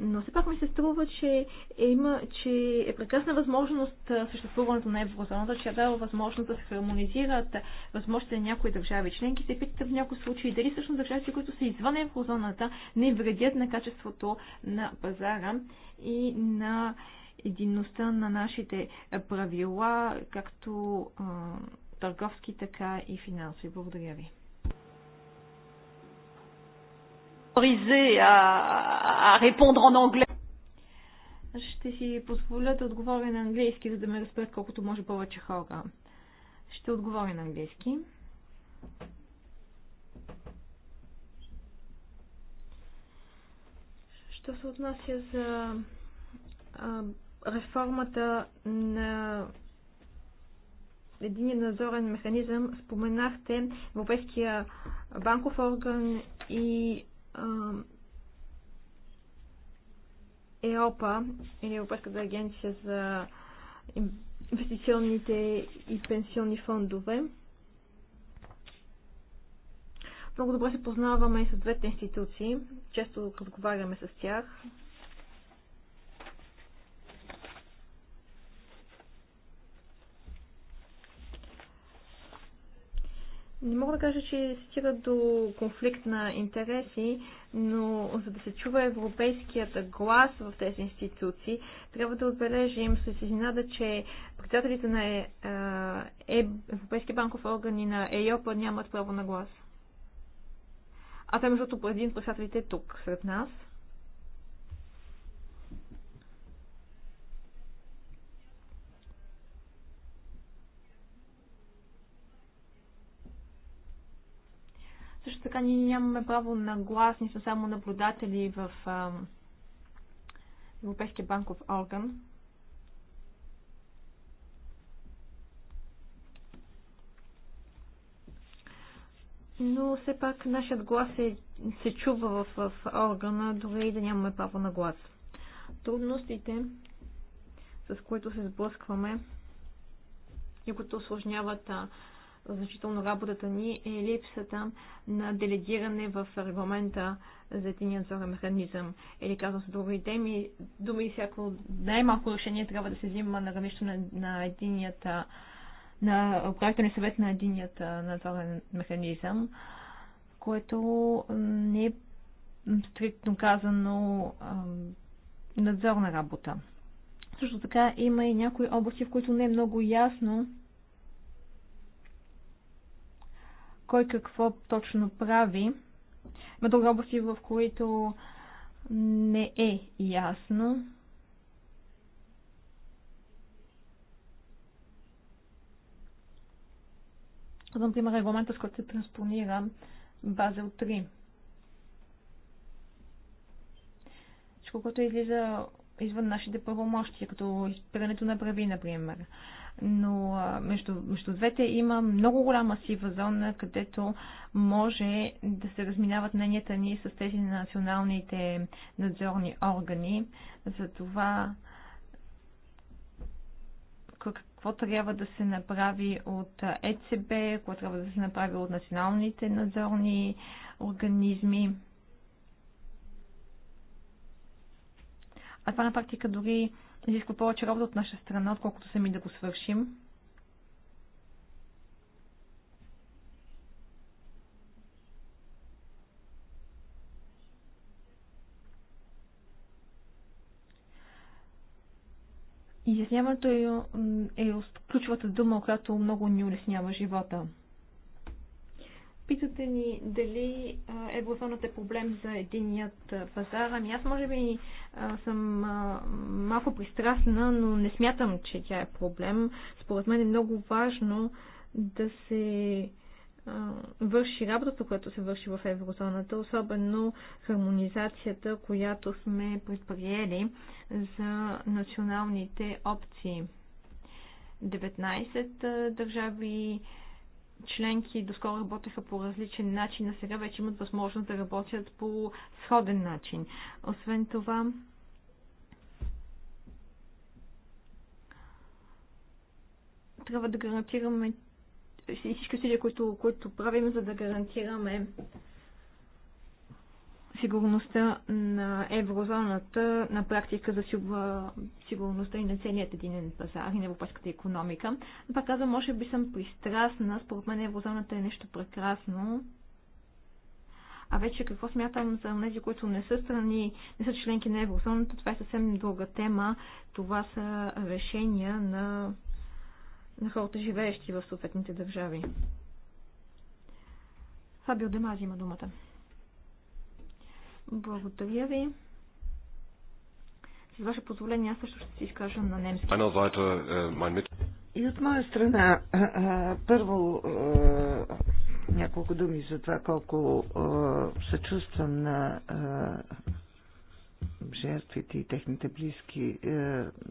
Но все пак ми се струва, че е, има, че е прекрасна възможност съществуването на еврозоната, че е дава възможност да се хармонизират възможностите на някои държави. Членки се питат в някои случаи дали всъщност държавите, които са извън еврозоната, не вредят на качеството на пазара и на единността на нашите правила, както търговски, така и финансови. Благодаря ви. Ще си позволя да отговоря на английски, за да ме разберат колкото може повече хора. Ще отговоря на английски. Що се отнася за реформата на един надзорен механизъм, споменахте Европейския банков орган и а, ЕОПА, или Европейската агенция за инвестиционните и пенсионни фондове. Много добре се познаваме и с двете институции. Често разговаряме с тях. Не мога да кажа, че стига до конфликт на интереси, но за да се чува европейският глас в тези институции, трябва да отбележим с изненада, че председателите на е, е, Европейския банков орган и на ЕЙОПА нямат право на глас. А те, между другото, един председателите е тук сред нас – Също така ние нямаме право на глас, ние сме само наблюдатели в Европейския банков орган. Но все пак нашият глас е, се чува в, в органа, дори и да нямаме право на глас. Трудностите, с които се сблъскваме и които осложняват значително работата ни е липсата на делегиране в регламента за един надзорен механизъм. Или казвам с други теми, думи всяко най-малко решение трябва да се взима на равнището на, на единият на управителния съвет на единият надзорен механизъм, което не е стриктно казано надзорна работа. Също така има и някои области, в които не е много ясно кой какво точно прави. Има други области, в които не е ясно. За например, регламента, с който се транспонира Базел 3. Всичко, което излиза извън нашите правомощия, като изпирането на прави, например но между, между двете има много голяма сива зона, където може да се разминават мненията ни с тези на националните надзорни органи. За това какво трябва да се направи от ЕЦБ, какво трябва да се направи от националните надзорни организми. А това на практика дори изисква повече работа от наша страна, отколкото сами да го свършим. Изясняването е, е ключовата дума, която много ни улеснява живота. Питате ни дали еврозоната е проблем за единият пазар. Ами аз може би съм малко пристрастна, но не смятам, че тя е проблем. Според мен е много важно да се върши работата, която се върши в еврозоната, особено хармонизацията, която сме предприели за националните опции. 19 държави членки доскоро работеха по различен начин, а сега вече имат възможност да работят по сходен начин. Освен това, трябва да гарантираме всички усилия, които, които правим, за да гарантираме сигурността на еврозоната на практика за сигурността и на целият единен пазар и на европейската економика. Пак казвам, може би съм пристрастна. Според мен еврозоната е нещо прекрасно. А вече какво смятам за тези, които не са страни, не са членки на еврозоната, това е съвсем друга тема. Това са решения на, на хората, живеещи в съответните държави. Фабио Демази има думата. Благодаря ви. С ваше позволение, аз също ще си изкажа на немски. Е, и от моя страна, първо е, няколко думи за това колко е, съчувствам на жертвите и техните близки.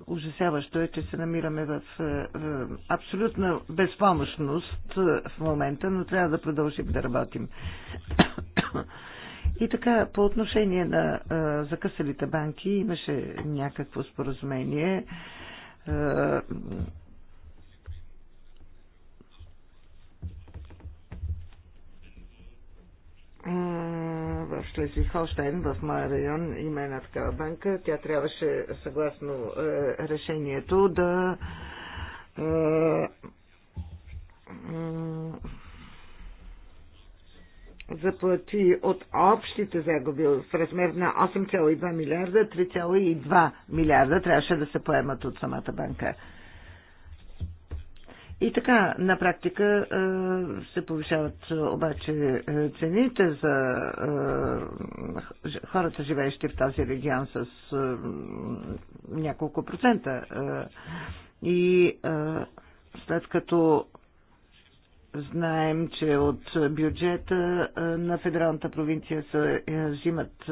Ужасяващо е, че се намираме в абсолютна безпомощност в момента, но трябва да продължим да работим. И така, по отношение на а, закъсалите банки имаше някакво споразумение. А, в Шлезви-Холштайн, в моя район, има една такава банка. Тя трябваше, съгласно а, решението, да а, заплати от общите загуби в размер на 8,2 милиарда, 3,2 милиарда трябваше да се поемат от самата банка. И така, на практика е, се повишават е, обаче е, цените за хората, живеещи в този регион с няколко процента. И след като Знаем, че от бюджета на федералната провинция се взимат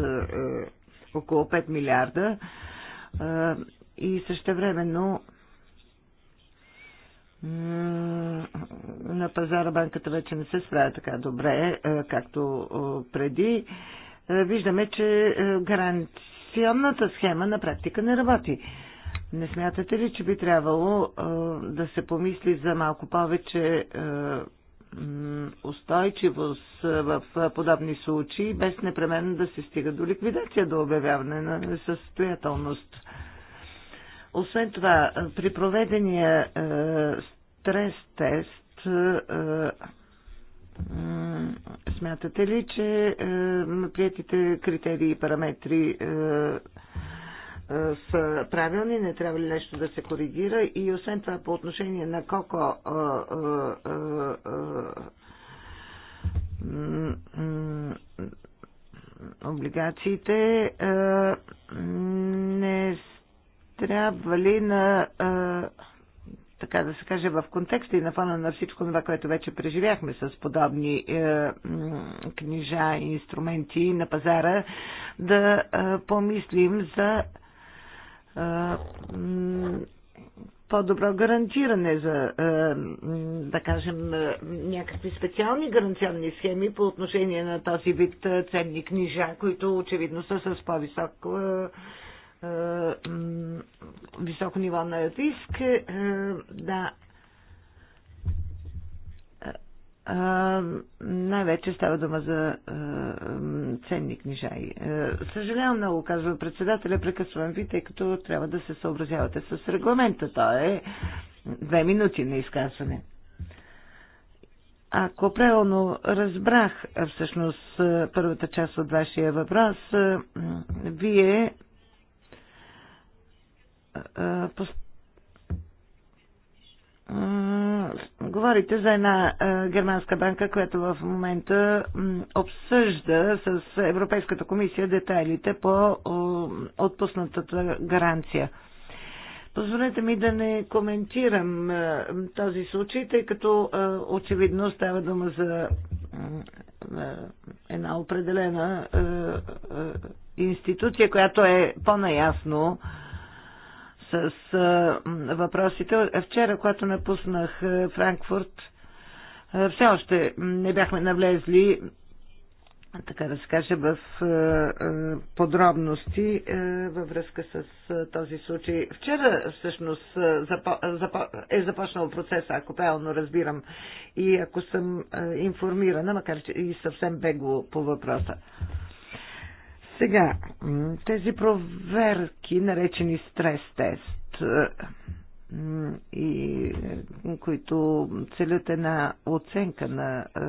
около 5 милиарда и същевременно на пазара банката вече не се справя така добре, както преди. Виждаме, че гаранционната схема на практика не работи. Не смятате ли, че би трябвало да се помисли за малко повече устойчивост в подобни случаи, без непременно да се стига до ликвидация, до обявяване на несъстоятелност? Освен това, при проведения стрес-тест Смятате ли, че е, приятите критерии и параметри е, са правилни, не трябва ли нещо да се коригира и освен това по отношение на Коко е, е, облигациите не трябва ли на така да се каже, в контекста и на фона на всичко това, което вече преживяхме с подобни е, книжа и инструменти на пазара, да е, помислим за по-добро гарантиране за, да кажем, някакви специални гаранционни схеми по отношение на този вид ценни книжа, които очевидно са с по-висок високо ниво на риск. Да, най-вече става дума за а, ценни книжа. Съжалявам много, казва председателя, прекъсвам ви, тъй като трябва да се съобразявате с регламента. То е две минути на изказване. Ако правилно разбрах всъщност първата част от вашия въпрос, вие говорите за една е, германска банка, която в момента обсъжда с Европейската комисия детайлите по отпуснатата гаранция. Позволете ми да не коментирам е, този случай, тъй като е, очевидно става дума за една определена институция, която е по-наясно с въпросите. Вчера, когато напуснах Франкфурт, все още не бяхме навлезли, така да се каже, в подробности във връзка с този случай. Вчера всъщност е започнал процеса, ако правилно разбирам и ако съм информирана, макар че и съвсем бегло по въпроса. Сега, тези проверки, наречени стрес-тест, е, и е, които целят една оценка на е,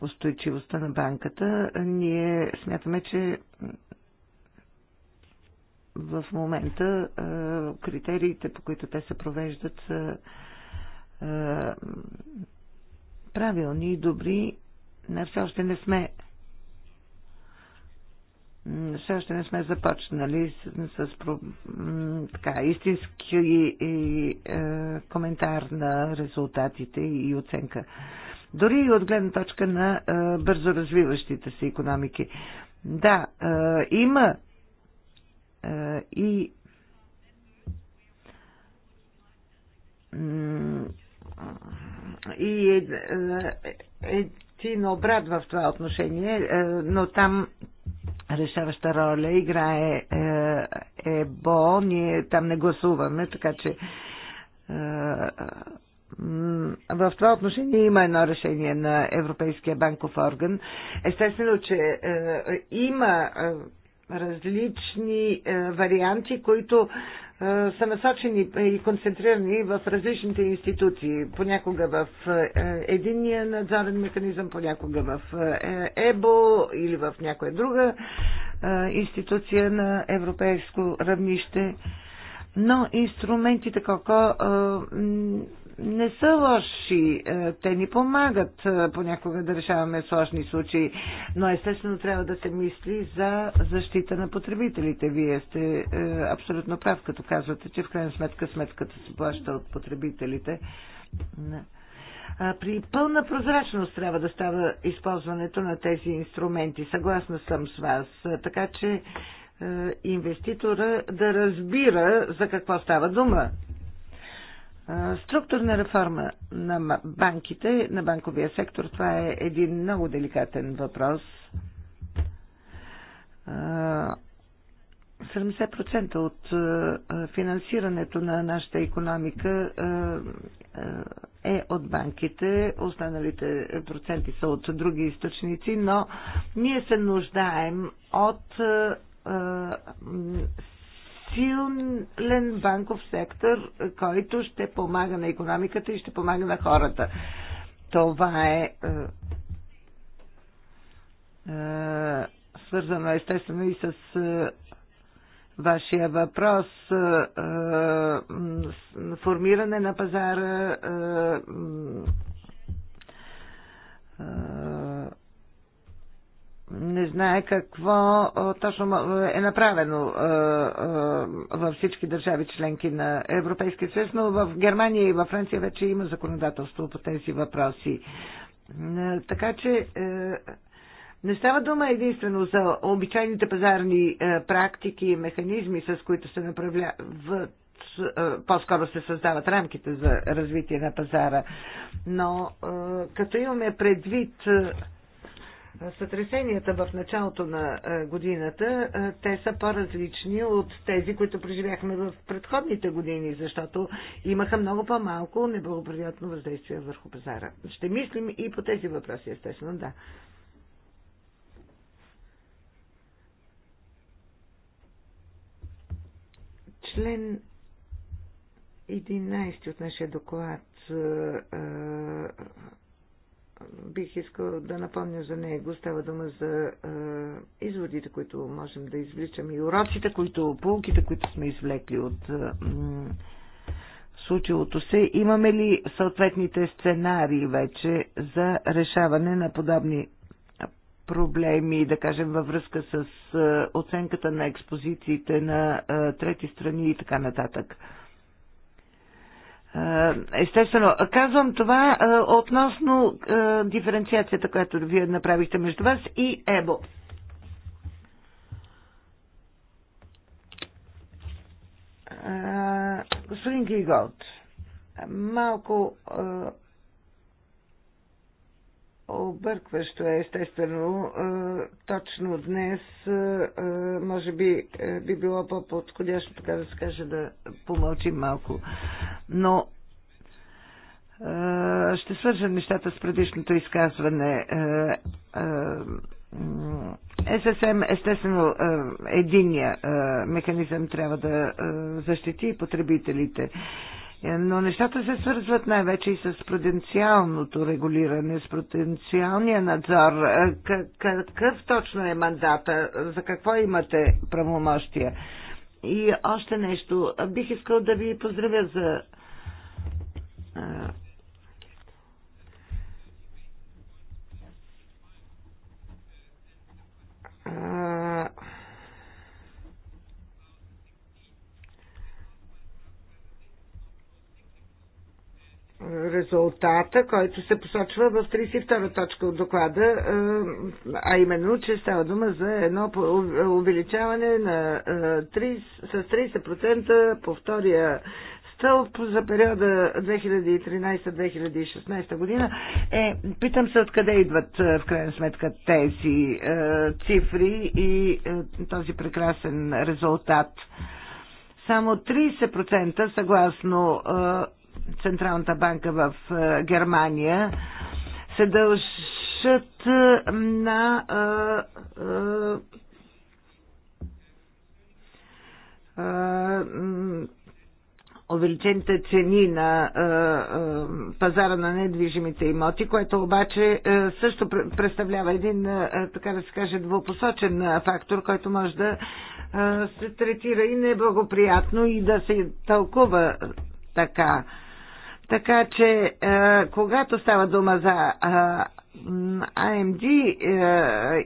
устойчивостта на банката, ние смятаме, че в момента критериите, по които те се провеждат, са правилни и добри, не, все още не сме все още не сме започнали с, с така, истински и, е, коментар на резултатите и оценка. Дори и от гледна точка на е, бързо развиващите се економики. Да, е, има е, и и е, е, е един обрат в това отношение, е, но там решаваща роля играе ЕБО. Ние там не гласуваме, така че в това отношение има едно решение на Европейския банков орган. Естествено, че е, има различни е, варианти, които е, са насочени и концентрирани в различните институции. Понякога в е, единния надзорен механизъм, понякога в ЕБО или в някоя друга институция на европейско равнище. Но инструментите, колко не са лоши. Е, те ни помагат е, понякога да решаваме сложни случаи, но естествено трябва да се мисли за защита на потребителите. Вие сте е, абсолютно прав, като казвате, че в крайна сметка сметката се плаща от потребителите. При пълна прозрачност трябва да става използването на тези инструменти. Съгласна съм с вас. Така че инвеститора да разбира за какво става дума Структурна реформа на банките, на банковия сектор, това е един много деликатен въпрос. 70% от финансирането на нашата економика е от банките, останалите проценти са от други източници, но ние се нуждаем от силен банков сектор, който ще помага на економиката и ще помага на хората. Това е, е, е свързано естествено и с е, вашия въпрос. Е, е формиране на пазара. Е, е, не знае какво точно е направено във всички държави членки на Европейския съюз, но в Германия и във Франция вече има законодателство по тези въпроси. Така че не става дума единствено за обичайните пазарни практики и механизми, с които се направляват по-скоро се създават рамките за развитие на пазара. Но като имаме предвид Сътресенията в началото на годината, те са по-различни от тези, които преживяхме в предходните години, защото имаха много по-малко неблагоприятно въздействие върху пазара. Ще мислим и по тези въпроси, естествено, да. Член 11 от нашия доклад бих искал да напомня за него. Става дума за е, изводите, които можем да извличаме и уроците, които, полките, които сме извлекли от случилото се. Имаме ли съответните сценарии вече за решаване на подобни проблеми, да кажем, във връзка с оценката на експозициите на трети страни и така нататък? Е, естествено, казвам това е, относно е, диференциацията, която вие направихте между вас и ЕБО. Господин Гиголд, малко Объркващо е, естествено. Е, точно днес, е, е, може би, би било по-подходящо, така да се каже, да помълчим малко. Но ще свържа нещата с предишното изказване. ССМ, естествено, единия механизъм трябва да защити потребителите. Но нещата се свързват най-вече и с пруденциалното регулиране, с пруденциалния надзор. Е, какъв точно е мандата? За какво имате правомощия? И още нещо. Бих искал да ви поздравя за е, резултата, който се посочва в 32 точка от доклада, а именно, че става дума за едно увеличаване на 30, с 30% по втория стълб за периода 2013-2016 година. Е, питам се откъде идват в крайна сметка тези цифри и този прекрасен резултат. Само 30% съгласно Централната банка в е, Германия се дължат е, на е, увеличените цени на пазара на недвижимите имоти, което обаче също представлява един, така да се каже, двупосочен фактор, който може да се третира и неблагоприятно и да се тълкува така. Така че, е, когато става дума за е, АМД е,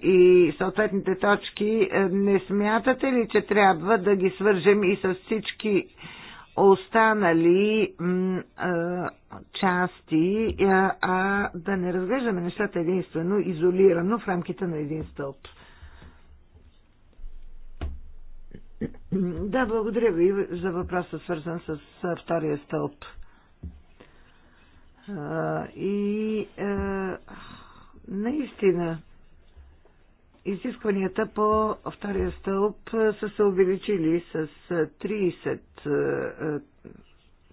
и съответните точки, не смятате ли, че трябва да ги свържем и с всички останали части, а да не разглеждаме нещата единствено, изолирано в рамките на един стълб? Да, благодаря ви за въпроса, свързан с втория стълб. И наистина изискванията по втория стълб са се увеличили с 30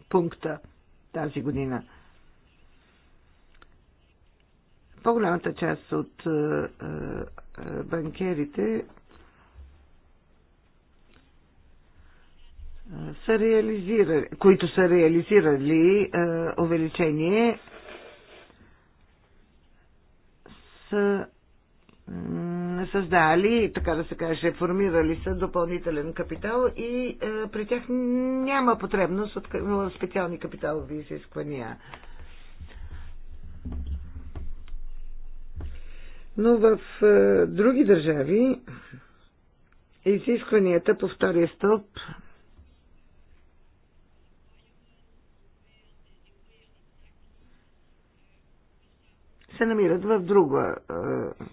пункта тази година. По-голямата част от банкерите са реализирали, които са реализирали е, увеличение, са създали, така да се каже, формирали са допълнителен капитал и е, при тях няма потребност от специални капиталови изисквания. Но в е, други държави изискванията по втория стълб се намират в друга е,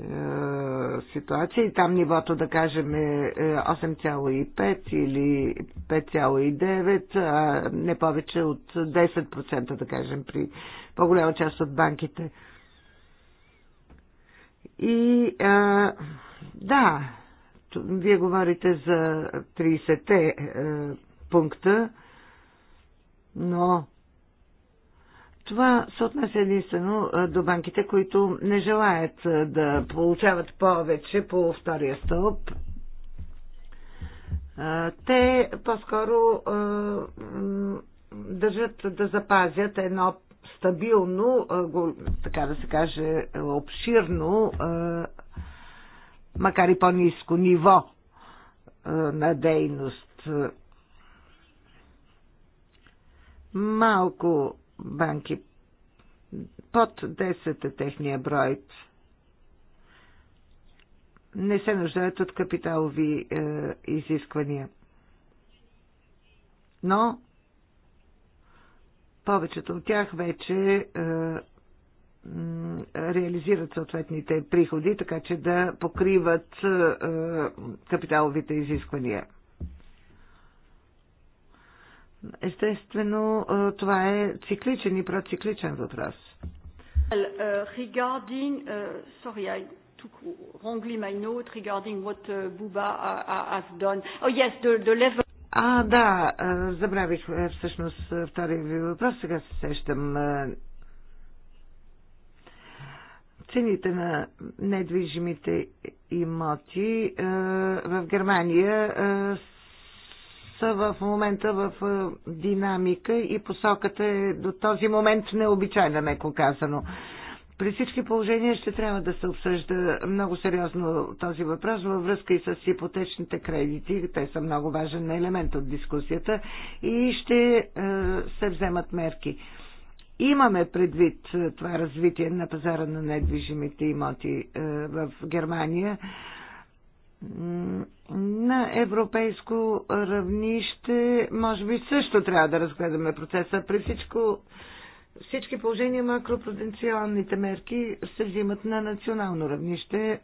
е, ситуация и там нивото, да кажем, е 8,5 е или 5,9, а не повече от 10%, да кажем, при по-голяма част от банките. И а, да, вие говорите за 30-те пункта, но това се отнася единствено до банките, които не желаят да получават повече по втория стълб. Те по-скоро държат да запазят едно стабилно, така да се каже, обширно, макар и по-низко ниво на дейност малко банки под 10 е техния брой. Не се нуждаят от капиталови е, изисквания. Но повечето от тях вече е, реализират съответните приходи, така че да покриват е, капиталовите изисквания. Естествено, е, това е цикличен и процикличен въпрос. Uh, regarding, uh, sorry, I took wrongly my note regarding what uh, Buba uh, uh, has done. Oh yes, the, the level. А, да, е, забравих е, всъщност втория ви въпрос, сега се сещам. Цените на недвижимите имоти в Германия са в момента в е, динамика и посоката е до този момент необичайна, меко казано. При всички положения ще трябва да се обсъжда много сериозно този въпрос във връзка и с ипотечните кредити. Те са много важен елемент от дискусията и ще е, се вземат мерки. Имаме предвид е, това развитие на пазара на недвижимите имоти е, в Германия на европейско равнище, може би също трябва да разгледаме процеса. При всичко, всички положения макропруденциалните мерки се взимат на национално равнище.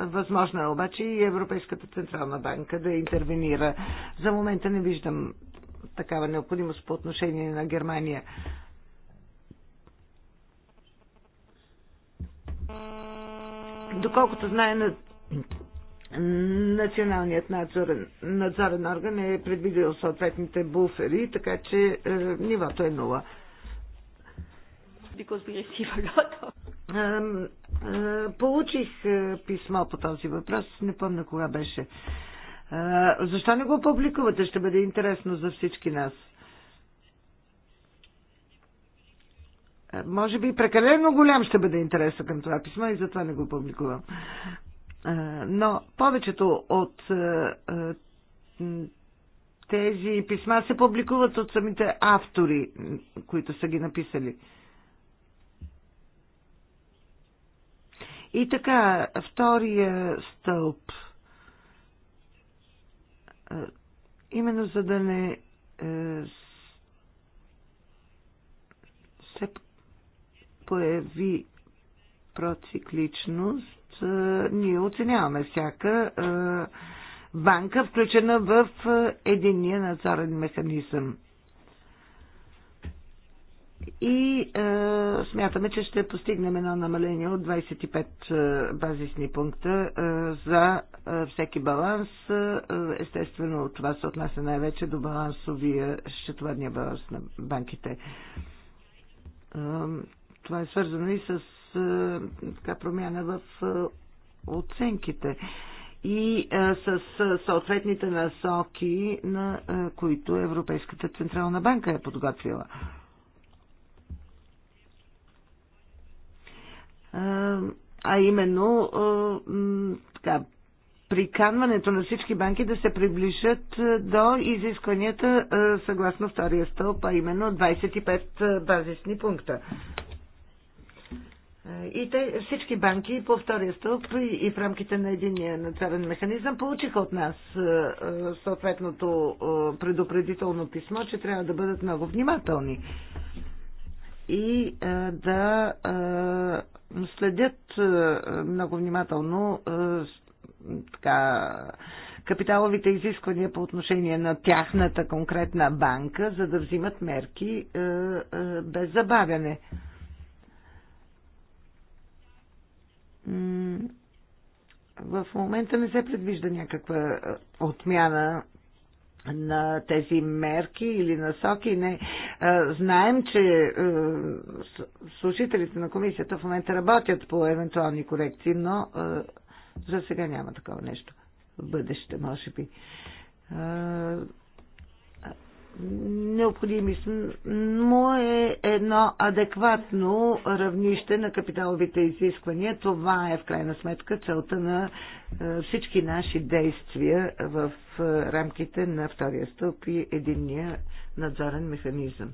Възможно е обаче и Европейската Централна банка да интервенира. За момента не виждам такава необходимост по отношение на Германия. Доколкото знае на Националният надзорен, надзорен орган е предвидил съответните буфери, така че е, нивото е нула. Получих е, писмо по този въпрос, не помня кога беше. Защо не го публикувате? Ще бъде интересно за всички нас. Е, може би прекалено голям ще бъде интересът към това писмо и затова не го публикувам. Но повечето от тези писма се публикуват от самите автори, които са ги написали. И така, втория стълб. Именно за да не се появи процикличност, е, ние оценяваме всяка е, банка, включена в е, единния надзорен механизъм. И е, смятаме, че ще постигнем едно намаление от 25 базисни пункта е, за е, всеки баланс. Е, естествено, това се отнася най-вече до балансовия, счетоводния баланс на банките. Е, това е свързано и с е, така, промяна в е, оценките и е, с съответните насоки, на които Европейската Централна банка е подготвила. А именно така, приканването на всички банки да се приближат до изискванията съгласно втория стълб, а именно 25 базисни пункта. И те, всички банки по втория стълб и в рамките на единия надзорен механизъм получиха от нас е, е, съответното е, предупредително писмо, че трябва да бъдат много внимателни и да следят много внимателно така, капиталовите изисквания по отношение на тяхната конкретна банка, за да взимат мерки без забавяне. в момента не се предвижда някаква отмяна на тези мерки или насоки. Не. Знаем, че служителите на комисията в момента работят по евентуални корекции, но за сега няма такова нещо. В бъдеще, може би но е едно адекватно равнище на капиталовите изисквания. Това е в крайна сметка целта на е, всички наши действия в е, рамките на втория стълб и единния надзорен механизъм.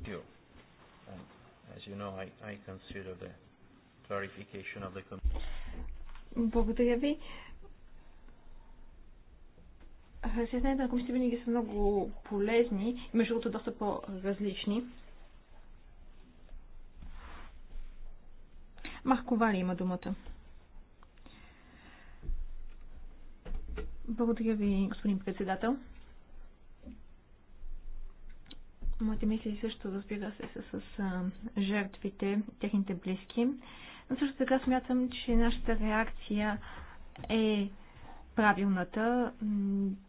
Благодаря ви разясненията на комисията винаги са много полезни и между другото доста по-различни. Марко Вали има думата. Благодаря ви, господин председател. Моите мисли също, разбира се, са с а, жертвите, техните близки. Но също така смятам, че нашата реакция е правилната.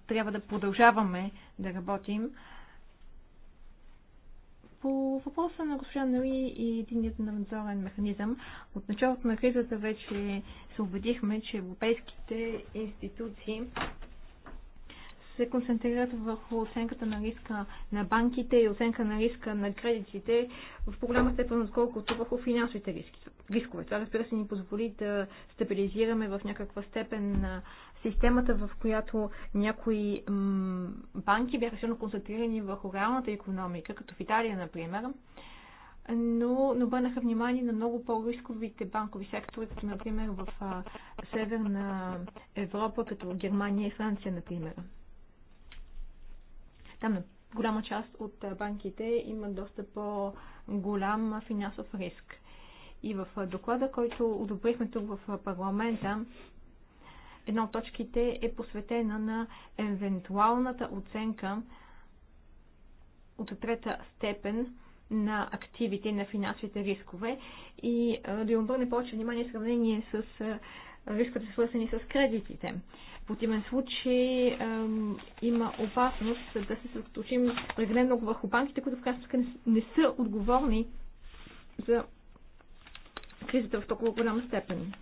Трябва да продължаваме да работим. По въпроса на госпожа Нали и единият надзорен механизъм, от началото на кризата вече се убедихме, че европейските институции се концентрират върху оценката на риска на банките и оценка на риска на кредитите в по-голяма степен, отколкото върху финансовите риски, рискове. Това, разбира се, ни позволи да стабилизираме в някаква степен на системата, в която някои банки бяха силно концентрирани върху реалната економика, като в Италия, например, но, но обърнаха внимание на много по-рисковите банкови сектори, като например в а, Северна Европа, като Германия и Франция, например. Там голяма част от банките имат доста по-голям финансов риск. И в доклада, който одобрихме тук в парламента, Една от точките е посветена на евентуалната оценка от трета степен на активите на финансовите рискове и да обърне повече внимание в сравнение с рисковете, свързани с кредитите. В противен случай ем, има опасност да се съсредоточим прекалено много върху банките, които в крайна сметка не са отговорни за кризата в толкова голяма степен.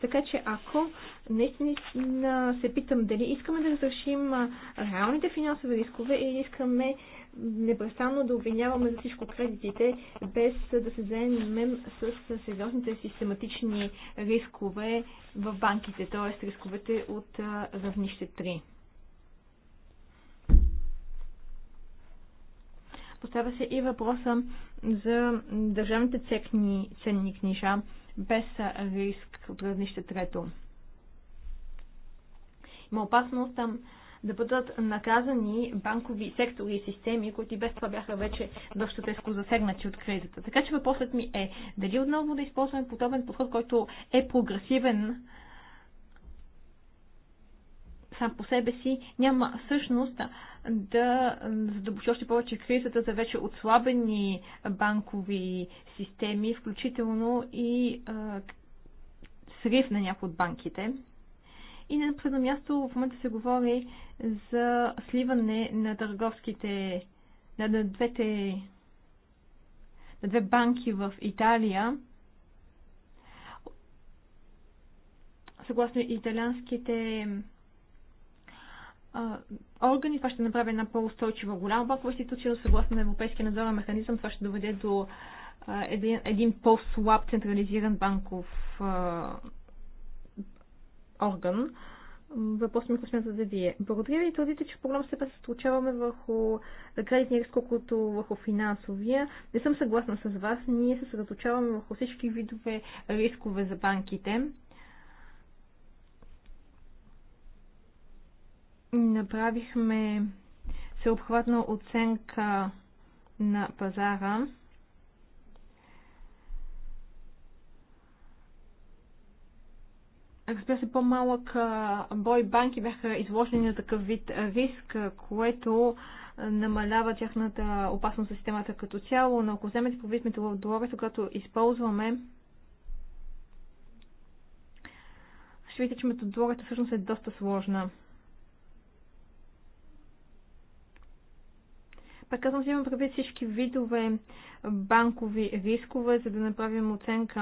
Така че ако наистина се питам дали искаме да разрешим реалните финансови рискове или искаме непрестанно да обвиняваме за всичко кредитите, без да се заемем с сериозните систематични рискове в банките, т.е. рисковете от равнище 3. Поставя се и въпроса за държавните цекни, ценни книжа без риск от равнище трето. Има опасност там да бъдат наказани банкови сектори и системи, които и без това бяха вече доста тежко засегнати от кризата. Така че въпросът ми е дали отново да използваме подобен подход, който е прогресивен сам по себе си няма всъщност да задълбочи още повече кризата за вече отслабени банкови системи, включително и срив на някои от банките. И на последно място в момента се говори за сливане на търговските, на, на двете на две банки в Италия. Съгласно италианските органи. Това ще направи една по-устойчива голяма банкова институция, но съгласно на Европейския надзорен механизъм това ще доведе до един, един по-слаб централизиран банков орган. Въпрос ми, ако е смятате вие. Благодаря ви, твърдите, че в по-голям степен се случаваме върху кредитния риск, колкото върху финансовия. Не съм съгласна с вас. Ние се съсредоточаваме върху всички видове рискове за банките. направихме всеобхватна оценка на пазара. Разбира се, по-малък бой банки бяха изложени на такъв вид риск, което намалява тяхната опасност за системата като цяло, но ако вземете в методологията, когато използваме, ще видите, че методологията всъщност е доста сложна. Прекрасно взимам предвид всички видове банкови рискове, за да направим оценка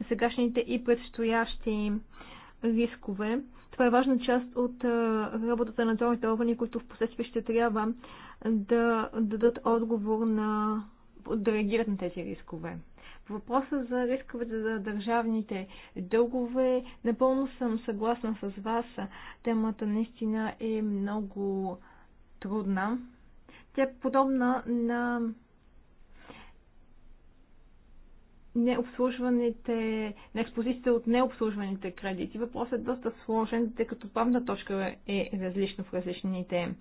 на сегашните и предстоящи рискове. Това е важна част от работата на дорите органи, които в последствие ще трябва да дадат отговор на да реагират на тези рискове. По въпроса за рисковете за държавните дългове, напълно съм съгласна с вас. Темата наистина е много трудна. Тя е подобна на необслужваните, на експозиция от необслужваните кредити. Въпросът е доста сложен, тъй като памна точка е различна в различните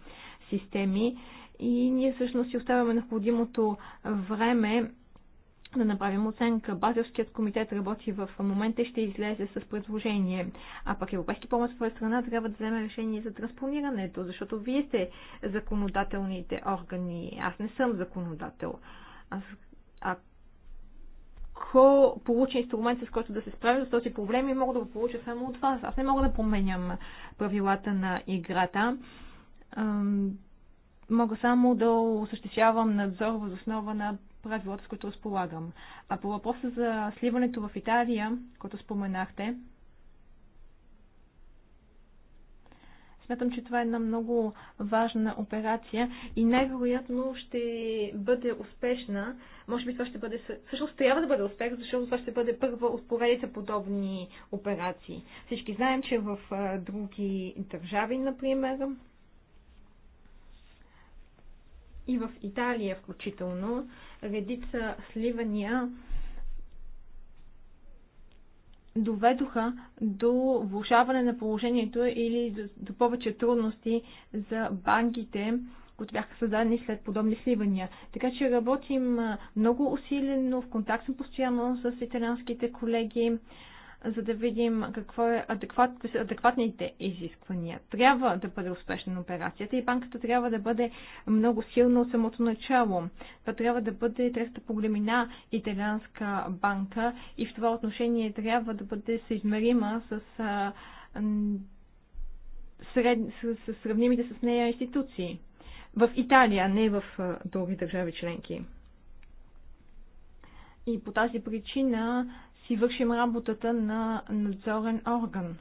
системи и ние всъщност си оставяме необходимото време да направим оценка. Базелският комитет работи в момента и ще излезе с предложение. А пък Европейски помощ от своя страна трябва да вземе решение за транспонирането, защото вие сте законодателните органи. Аз не съм законодател. Аз, ако получа инструмент, с който да се справя с този проблем и мога да го получа само от вас. Аз не мога да променям правилата на играта мога само да осъществявам надзор в основа на правилата, с които разполагам. А по въпроса за сливането в Италия, което споменахте, Смятам, че това е една много важна операция и най-вероятно ще бъде успешна. Може би това ще бъде... Всъщност трябва да бъде успех, защото това ще бъде първа от поредица подобни операции. Всички знаем, че в други държави, например, и в Италия включително. Редица сливания доведоха до влушаване на положението или до, до повече трудности за банките, които бяха създадени след подобни сливания. Така че работим много усилено, в контакт съм постоянно с италянските колеги за да видим какво е адекват, адекватните изисквания. Трябва да бъде успешна операцията и банката трябва да бъде много силна от самото начало. Това трябва да бъде третата по големина италианска банка и в това отношение трябва да бъде съизмерима с сред, с, с сравнимите с нея институции. В Италия, не в други държави членки. И по тази причина си вършим работата на надзорен орган.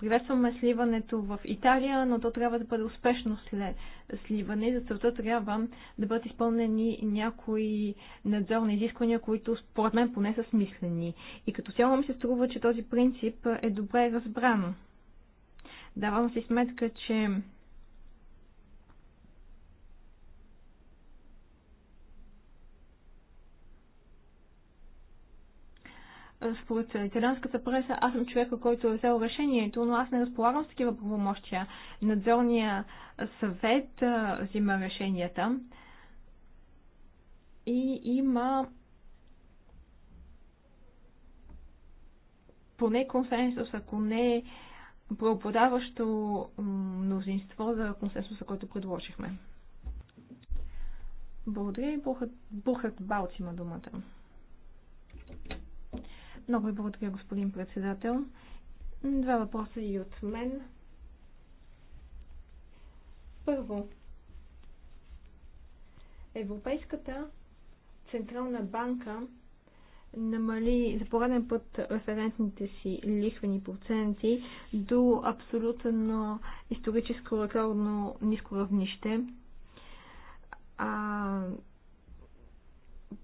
Приветстваме сливането в Италия, но то трябва да бъде успешно след сливане. За целта трябва да бъдат изпълнени някои надзорни изисквания, които според мен поне са смислени. И като цяло ми се струва, че този принцип е добре разбран. Давам си сметка, че Според италианската преса, аз съм човека, който е взел решението, но аз не разполагам с такива правомощия. Надзорния съвет а, взима решенията и има поне консенсус, ако не преобладаващо мнозинство за консенсуса, който предложихме. Благодаря и бухът Бурхат има думата. Много ви благодаря, господин председател. Два въпроса и от мен. Първо, Европейската централна банка намали за пореден път референтните си лихвени проценти до абсолютно историческо рекордно ниско равнище. А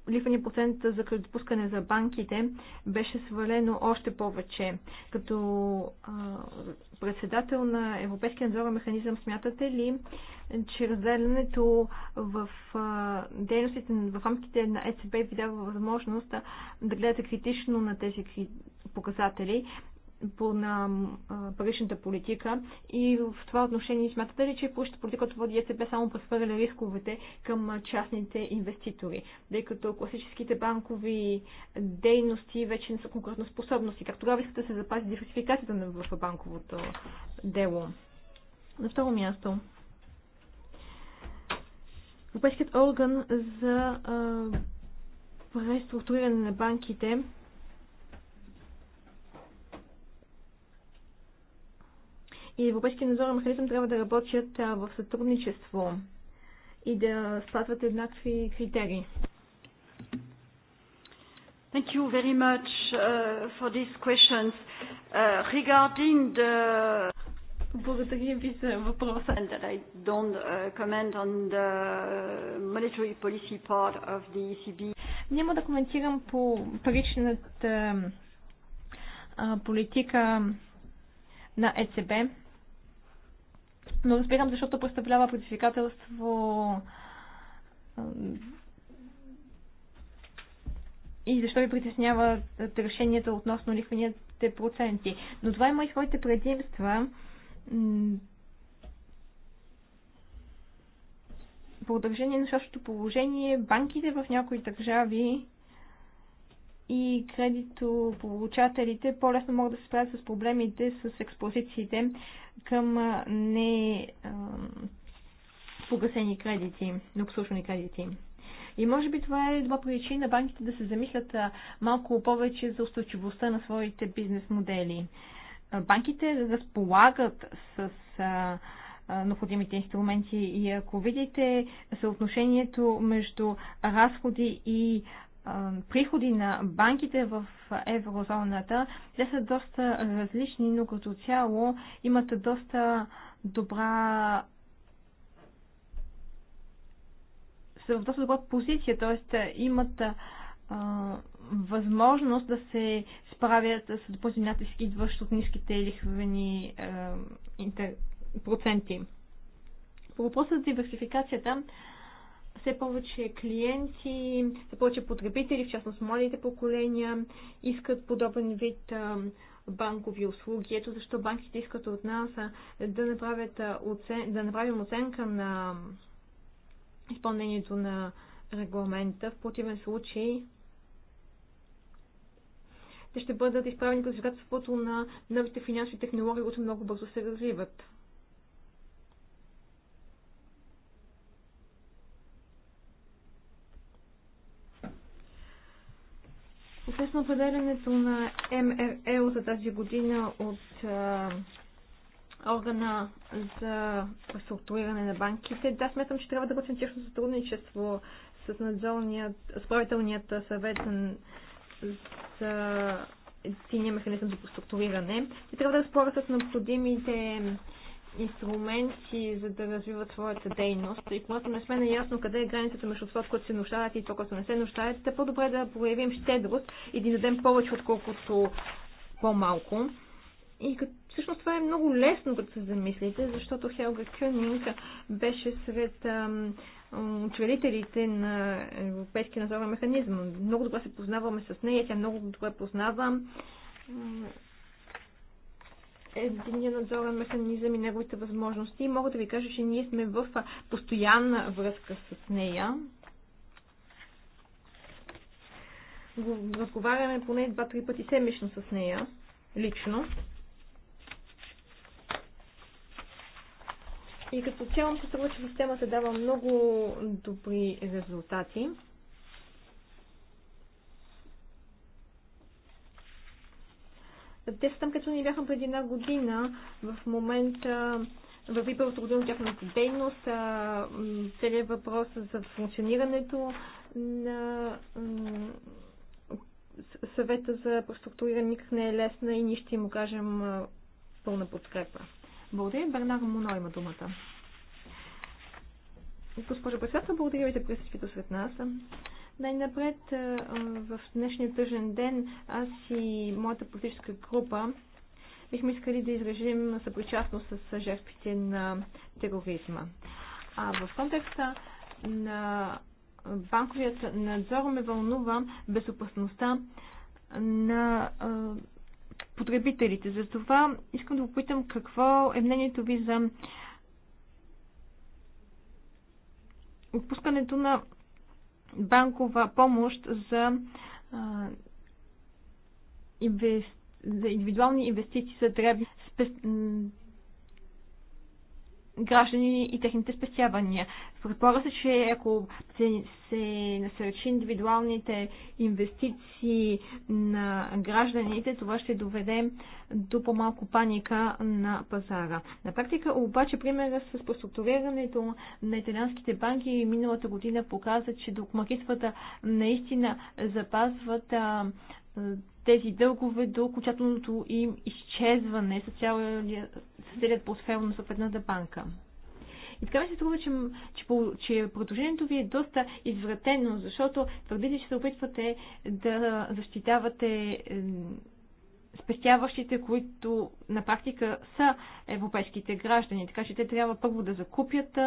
лихвения процент за кредитопускане за банките беше свалено още повече. Като а, председател на Европейския надзорен механизъм смятате ли, че разделянето в а, дейностите в рамките на ЕЦБ ви дава възможност да, да гледате критично на тези показатели на паричната политика и в това отношение смятате ли, че паричната политика, която води ЕЦБ, само посвърля рисковете към частните инвеститори, тъй като класическите банкови дейности вече не са конкретно способности. Как тогава искате да се запази диверсификацията в банковото дело? На второ място. Европейският орган за преструктуриране на банките и Европейския надзорен механизъм трябва да работят в сътрудничество и да спазват еднакви критерии. Thank you very much uh, for these questions. Uh, regarding the Благодаря ви за въпроса. And that I don't uh, comment on the monetary policy part of the ECB. Няма да коментирам по паричната политика на ЕЦБ но разбирам, защото представлява предизвикателство и защо ви притесняват решенията относно лихвените проценти. Но това има и своите предимства. Продължение на същото положение, банките в някои държави и кредитополучателите по-лесно могат да се справят с проблемите с експозициите, към не погасени кредити, необслужвани кредити. И може би това е добра причина банките да се замислят малко повече за устойчивостта на своите бизнес модели. Банките разполагат с а, необходимите инструменти. И ако видите съотношението между разходи и приходи на банките в еврозоната, те са доста различни, но като цяло имат доста добра са в доста добра позиция, т.е. имат а, възможност да се справят с допълнителни натиски, идващ от ниските лихвени а, интер... проценти. По въпроса за диверсификацията, все повече клиенти, все повече потребители, в частност младите поколения, искат подобен вид банкови услуги. Ето защо банките искат от нас да, направят оцен... да направим оценка на изпълнението на регламента. В противен случай те ще бъдат изправени предизвикателството на новите финансови технологии, които много бързо се развиват. Относно определенето на МРЛ за тази година от а, органа за структуриране на банките, да, смятам, че трябва да бъде тяхно сътрудничество с надзорният, управителният съвет за единия механизъм за структуриране. и трябва да разполага с необходимите инструменти, за да развиват своята дейност. И когато не сме наясно къде е границата между това, което се нуждаят и това, което не се нуждаят, е по-добре да проявим щедрост и да дадем повече, отколкото по-малко. И като Всъщност това е много лесно, като се замислите, защото Хелга Кюнинг беше сред учредителите на Европейския надзорен механизъм. Много добре се познаваме с нея, тя много добре познава единия надзорен механизъм и неговите възможности. Мога да ви кажа, че ние сме в постоянна връзка с нея. Разговаряме поне два-три пъти седмично с нея, лично. И като цяло се струва, че системата дава много добри резултати. Те са там, като ни бяха преди една година. В момента върви първото година тяхната дейност, целият въпрос за функционирането на съвета за преструктуриране никак не е лесна и ние ще им кажем пълна подкрепа. Благодаря. Бернар Муно има думата. Госпожа председател, благодаря ви за присъствието сред нас. Най-напред в днешния тъжен ден аз и моята политическа група бихме искали да изрежим съпричастност с жертвите на тероризма. А в контекста на банковият надзор ме вълнува безопасността на потребителите. Затова искам да попитам какво е мнението ви за отпускането на банкова помощ за индивидуални инвестиции за древни граждани и техните спестявания. Предполага се, че ако се, се насърчи индивидуалните инвестиции на гражданите, това ще доведе до по-малко паника на пазара. На практика обаче примера с преструктурирането на италианските банки миналата година показа, че докмакитствата наистина запазват а, тези дългове до окончателното им изчезване с целият портфел на съответната банка. И така ми се струва, че, че, че предложението ви е доста извратено, защото твърдите, че се опитвате да защитавате спестяващите, които на практика са европейските граждани. Така че те трябва първо да закупят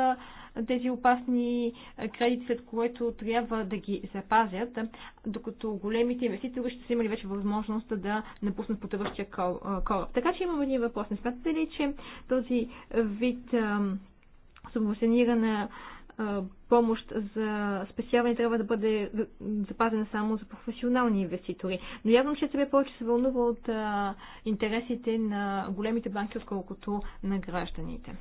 тези опасни кредити, след което трябва да ги запазят, докато големите инвеститори ще са имали вече възможност да напуснат потъващия кораб. Така че имам един въпрос. Не смятате ли, че този вид субвенционирана помощ за спесяване трябва да бъде запазена само за професионални инвеститори. Но явно, че себе повече се вълнува от интересите на големите банки, отколкото на гражданите.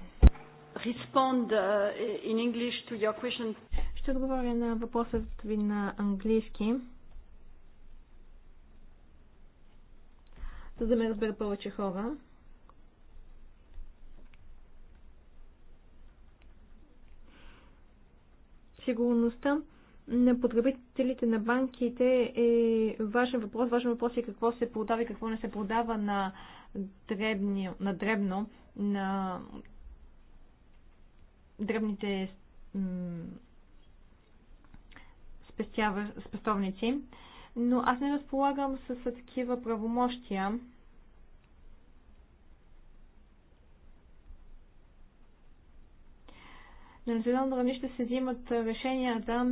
Respond uh, in English to your question. Ще отговоря на въпросът ви на английски. За да ме разбера повече хора. Сигурността на потребителите на банките е важен въпрос. Важен въпрос е какво се продава и какво не се продава на, дребни, на дребно, на дребните спестовници. Но аз не разполагам с такива правомощия на национално равнище се взимат решения да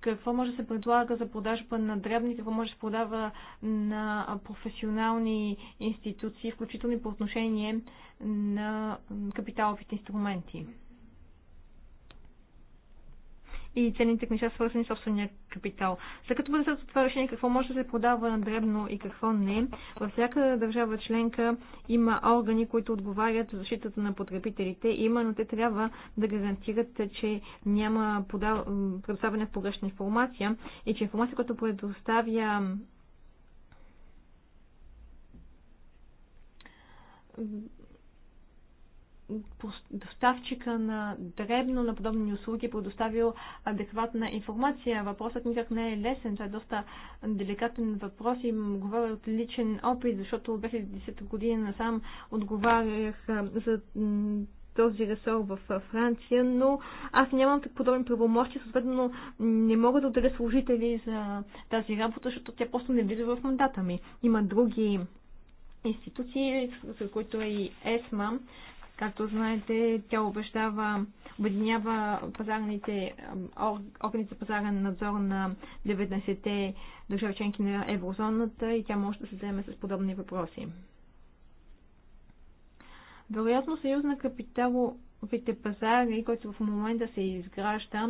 какво може да се предлага за продажба на дребни, какво може да се продава на професионални институции, включително и по отношение на капиталовите инструменти и ценните книжа, свързани с собствения капитал. След като бъде след това решение какво може да се продава на дребно и какво не, във всяка държава членка има органи, които отговарят за защитата на потребителите и именно те трябва да гарантират, че няма подав... предоставяне в погрешна информация и че информация, която предоставя доставчика на дребно на подобни услуги предоставил адекватна информация. Въпросът никак не е лесен. Това е доста деликатен въпрос и говоря от личен опит, защото в 2010 година насам отговарях за този ресор в Франция, но аз нямам так подобни правомощи, съответно не мога да отделя служители за тази работа, защото тя просто не влиза в мандата ми. Има други институции, за които е и ЕСМА, Както знаете, тя обещава, обединява пазарните, органите за пазарен надзор на 19-те държави членки на еврозоната и тя може да се заеме с подобни въпроси. Вероятно съюз на капиталовите пазари, който в момента се изгражда,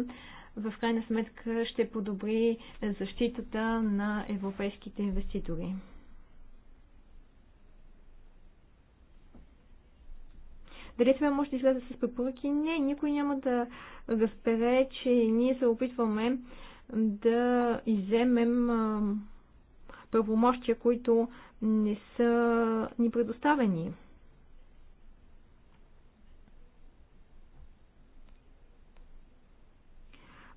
в крайна сметка ще подобри защитата на европейските инвеститори. Дали това може да излезе с препоръки? Не, никой няма да разбере, че ние се опитваме да иземем правомощия, които не са ни предоставени.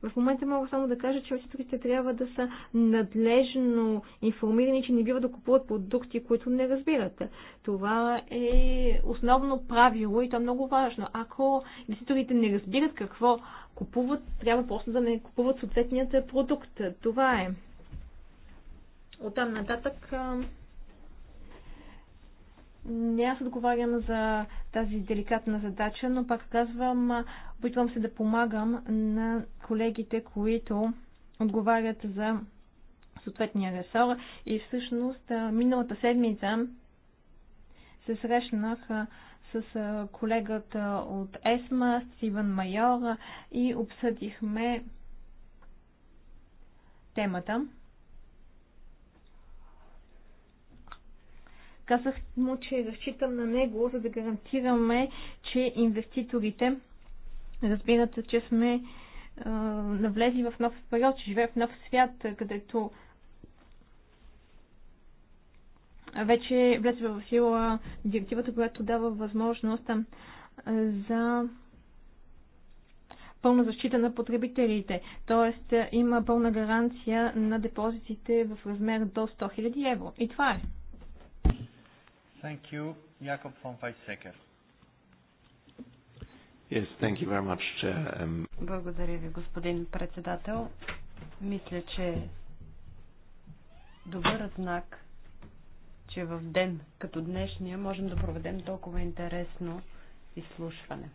В момента мога само да кажа, че учителите трябва да са надлежно информирани, че не бива да купуват продукти, които не разбират. Това е основно правило и то е много важно. Ако инвеститорите не разбират какво купуват, трябва просто да не купуват съответният продукт. Това е. Оттам нататък не аз отговарям за тази деликатна задача, но пак казвам, опитвам се да помагам на колегите, които отговарят за съответния ресор. И всъщност миналата седмица се срещнах с колегата от ЕСМА, Стивън Майор, и обсъдихме темата. Казах му, че разчитам на него, за да гарантираме, че инвеститорите разбират, че сме а, навлезли в нов период, че живеем в нов свят, където вече влезе в сила директивата, която дава възможност за пълна защита на потребителите. Тоест има пълна гаранция на депозитите в размер до 100 000 евро. И това е. Thank you. Jakob von Weizsäcker. Yes, thank you very much, Chair. Um... Благодаря ви, господин председател. Мисля, че добър знак, че в ден като днешния можем да проведем толкова интересно изслушване.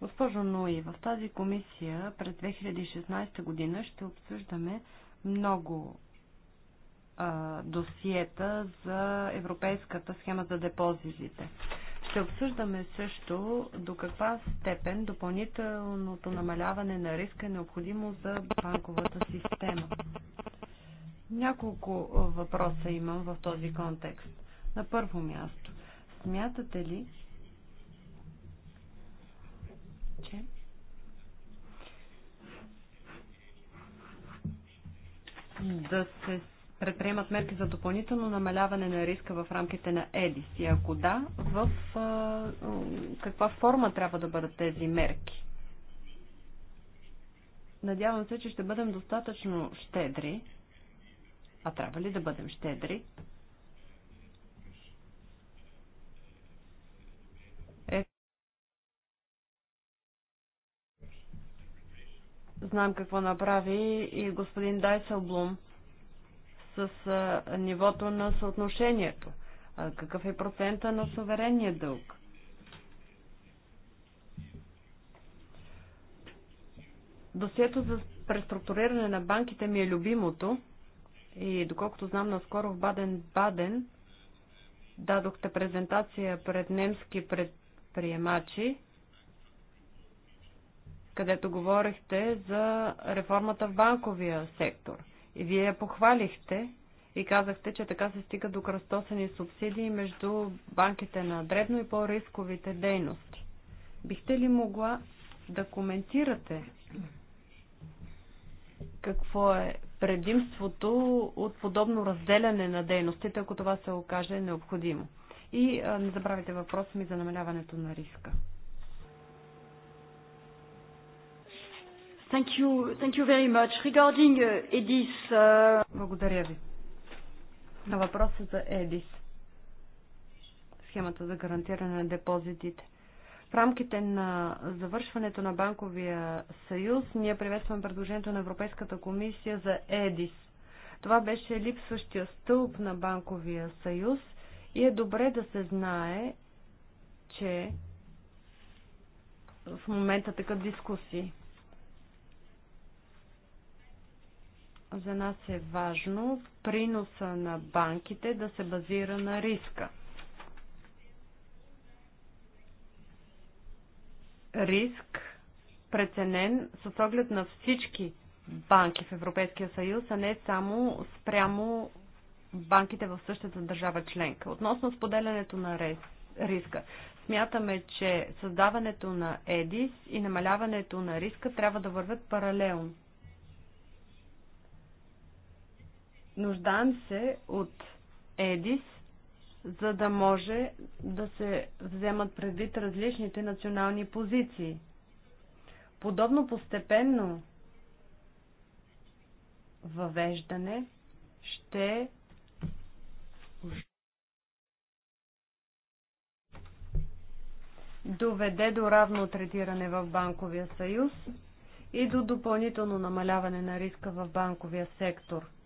Госпожо Нуи, в тази комисия през 2016 година ще обсъждаме много досиета за Европейската схема за депозитите. Ще обсъждаме също до каква степен допълнителното намаляване на риска е необходимо за банковата система. Няколко въпроса имам в този контекст. На първо място, смятате ли, че да се предприемат мерки за допълнително намаляване на риска в рамките на ЕДИС? И ако да, в каква форма трябва да бъдат тези мерки? Надявам се, че ще бъдем достатъчно щедри. А трябва ли да бъдем щедри? Е, знам какво направи и господин Дайселблум. Блум с нивото на съотношението? какъв е процента на суверенния дълг? Досието за преструктуриране на банките ми е любимото и доколкото знам наскоро в Баден-Баден дадохте презентация пред немски предприемачи, където говорихте за реформата в банковия сектор. И вие я похвалихте и казахте, че така се стига до кръстосани субсидии между банките на дребно и по-рисковите дейности. Бихте ли могла да коментирате какво е предимството от подобно разделяне на дейностите, ако това се окаже необходимо? И не забравяйте въпроса ми за намаляването на риска. Thank you, thank you very much. Regarding uh, EDIS... Uh... Благодаря ви. На въпроса за ЕДИС. Схемата за гарантиране на депозитите. В рамките на завършването на Банковия съюз ние приветстваме предложението на Европейската комисия за ЕДИС. Това беше липсващия стълб на Банковия съюз и е добре да се знае, че в момента така дискусии. за нас е важно приноса на банките да се базира на риска. Риск, преценен с оглед на всички банки в Европейския съюз, а не само спрямо банките в същата държава членка. Относно споделянето на риска, смятаме, че създаването на ЕДИС и намаляването на риска трябва да вървят паралелно. Нуждаем се от ЕДИС, за да може да се вземат предвид различните национални позиции. Подобно постепенно въвеждане ще доведе до равно третиране в банковия съюз и до допълнително намаляване на риска в банковия сектор –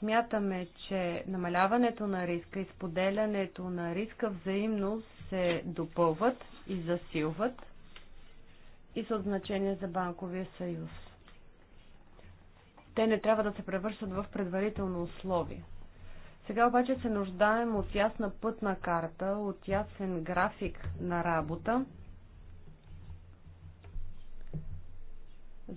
Смятаме, че намаляването на риска и споделянето на риска взаимно се допълват и засилват и са от значение за банковия съюз. Те не трябва да се превършат в предварително условие. Сега обаче се нуждаем от ясна пътна карта, от ясен график на работа,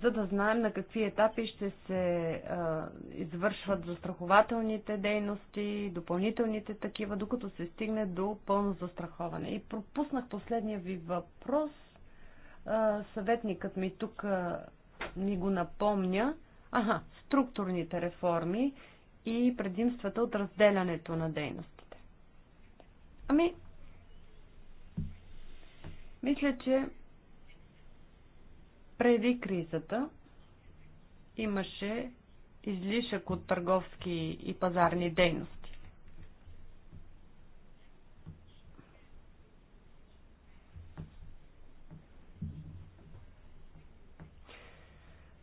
за да знаем на какви етапи ще се а, извършват застрахователните дейности, допълнителните такива, докато се стигне до пълно застраховане. И пропуснах последния ви въпрос. А, съветникът ми тук а, ми го напомня. Ага, структурните реформи и предимствата от разделянето на дейностите. Ами, мисля, че преди кризата имаше излишък от търговски и пазарни дейности.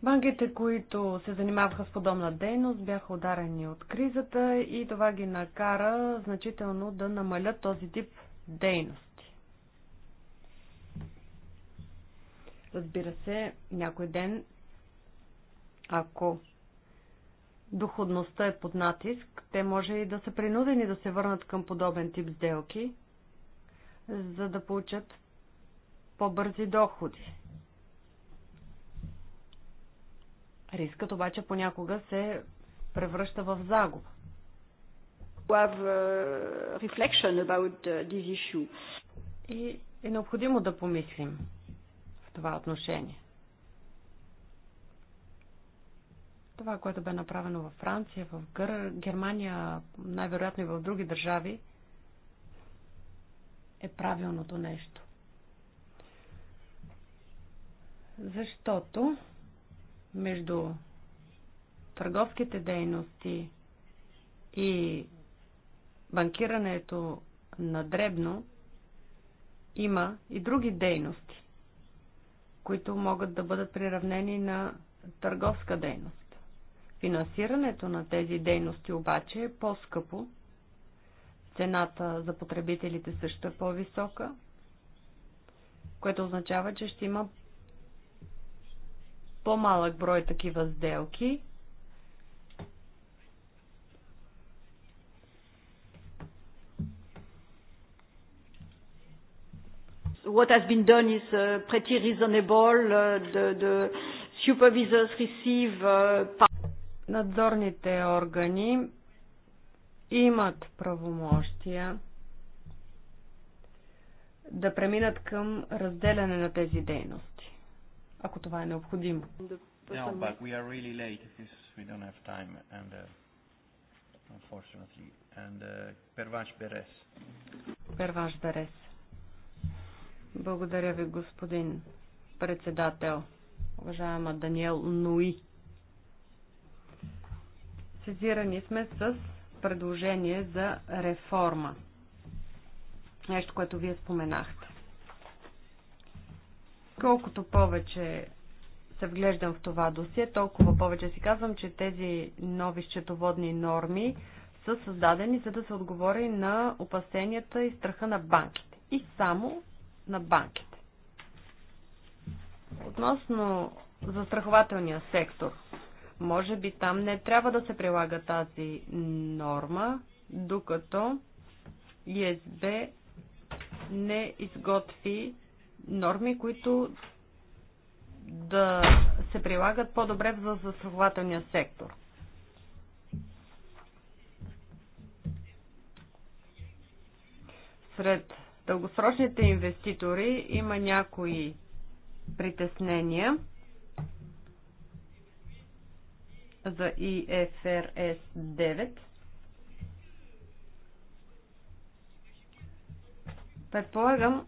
Банките, които се занимаваха с подобна дейност, бяха ударени от кризата и това ги накара значително да намалят този тип дейност. Разбира се, някой ден, ако доходността е под натиск, те може и да са принудени да се върнат към подобен тип сделки, за да получат по-бързи доходи. Рискът обаче понякога се превръща в загуба. Uh, uh, и е необходимо да помислим това отношение. Това, което бе направено във Франция, в Гър... Германия, най-вероятно и в други държави, е правилното нещо. Защото между търговските дейности и банкирането на дребно има и други дейности които могат да бъдат приравнени на търговска дейност. Финансирането на тези дейности обаче е по-скъпо, цената за потребителите също е по-висока, което означава, че ще има по-малък брой такива сделки what has been done is uh, pretty reasonable. Uh, the, the supervisors receive. Uh, Надзорните органи имат правомощия да преминат към разделяне на тези дейности, ако това е необходимо. Перваш Берес. Перваш Берес. Благодаря ви, господин председател. Уважаема Даниел Нуи. Сезирани сме с предложение за реформа. Нещо, което вие споменахте. Колкото повече се вглеждам в това досие, толкова повече си казвам, че тези нови счетоводни норми са създадени, за да се отговори на опасенията и страха на банките. И само на банките. Относно застрахователния сектор, може би там не трябва да се прилага тази норма, докато ИСБ не изготви норми, които да се прилагат по-добре за застрахователния сектор. Сред дългосрочните инвеститори има някои притеснения за ИФРС 9. Предполагам,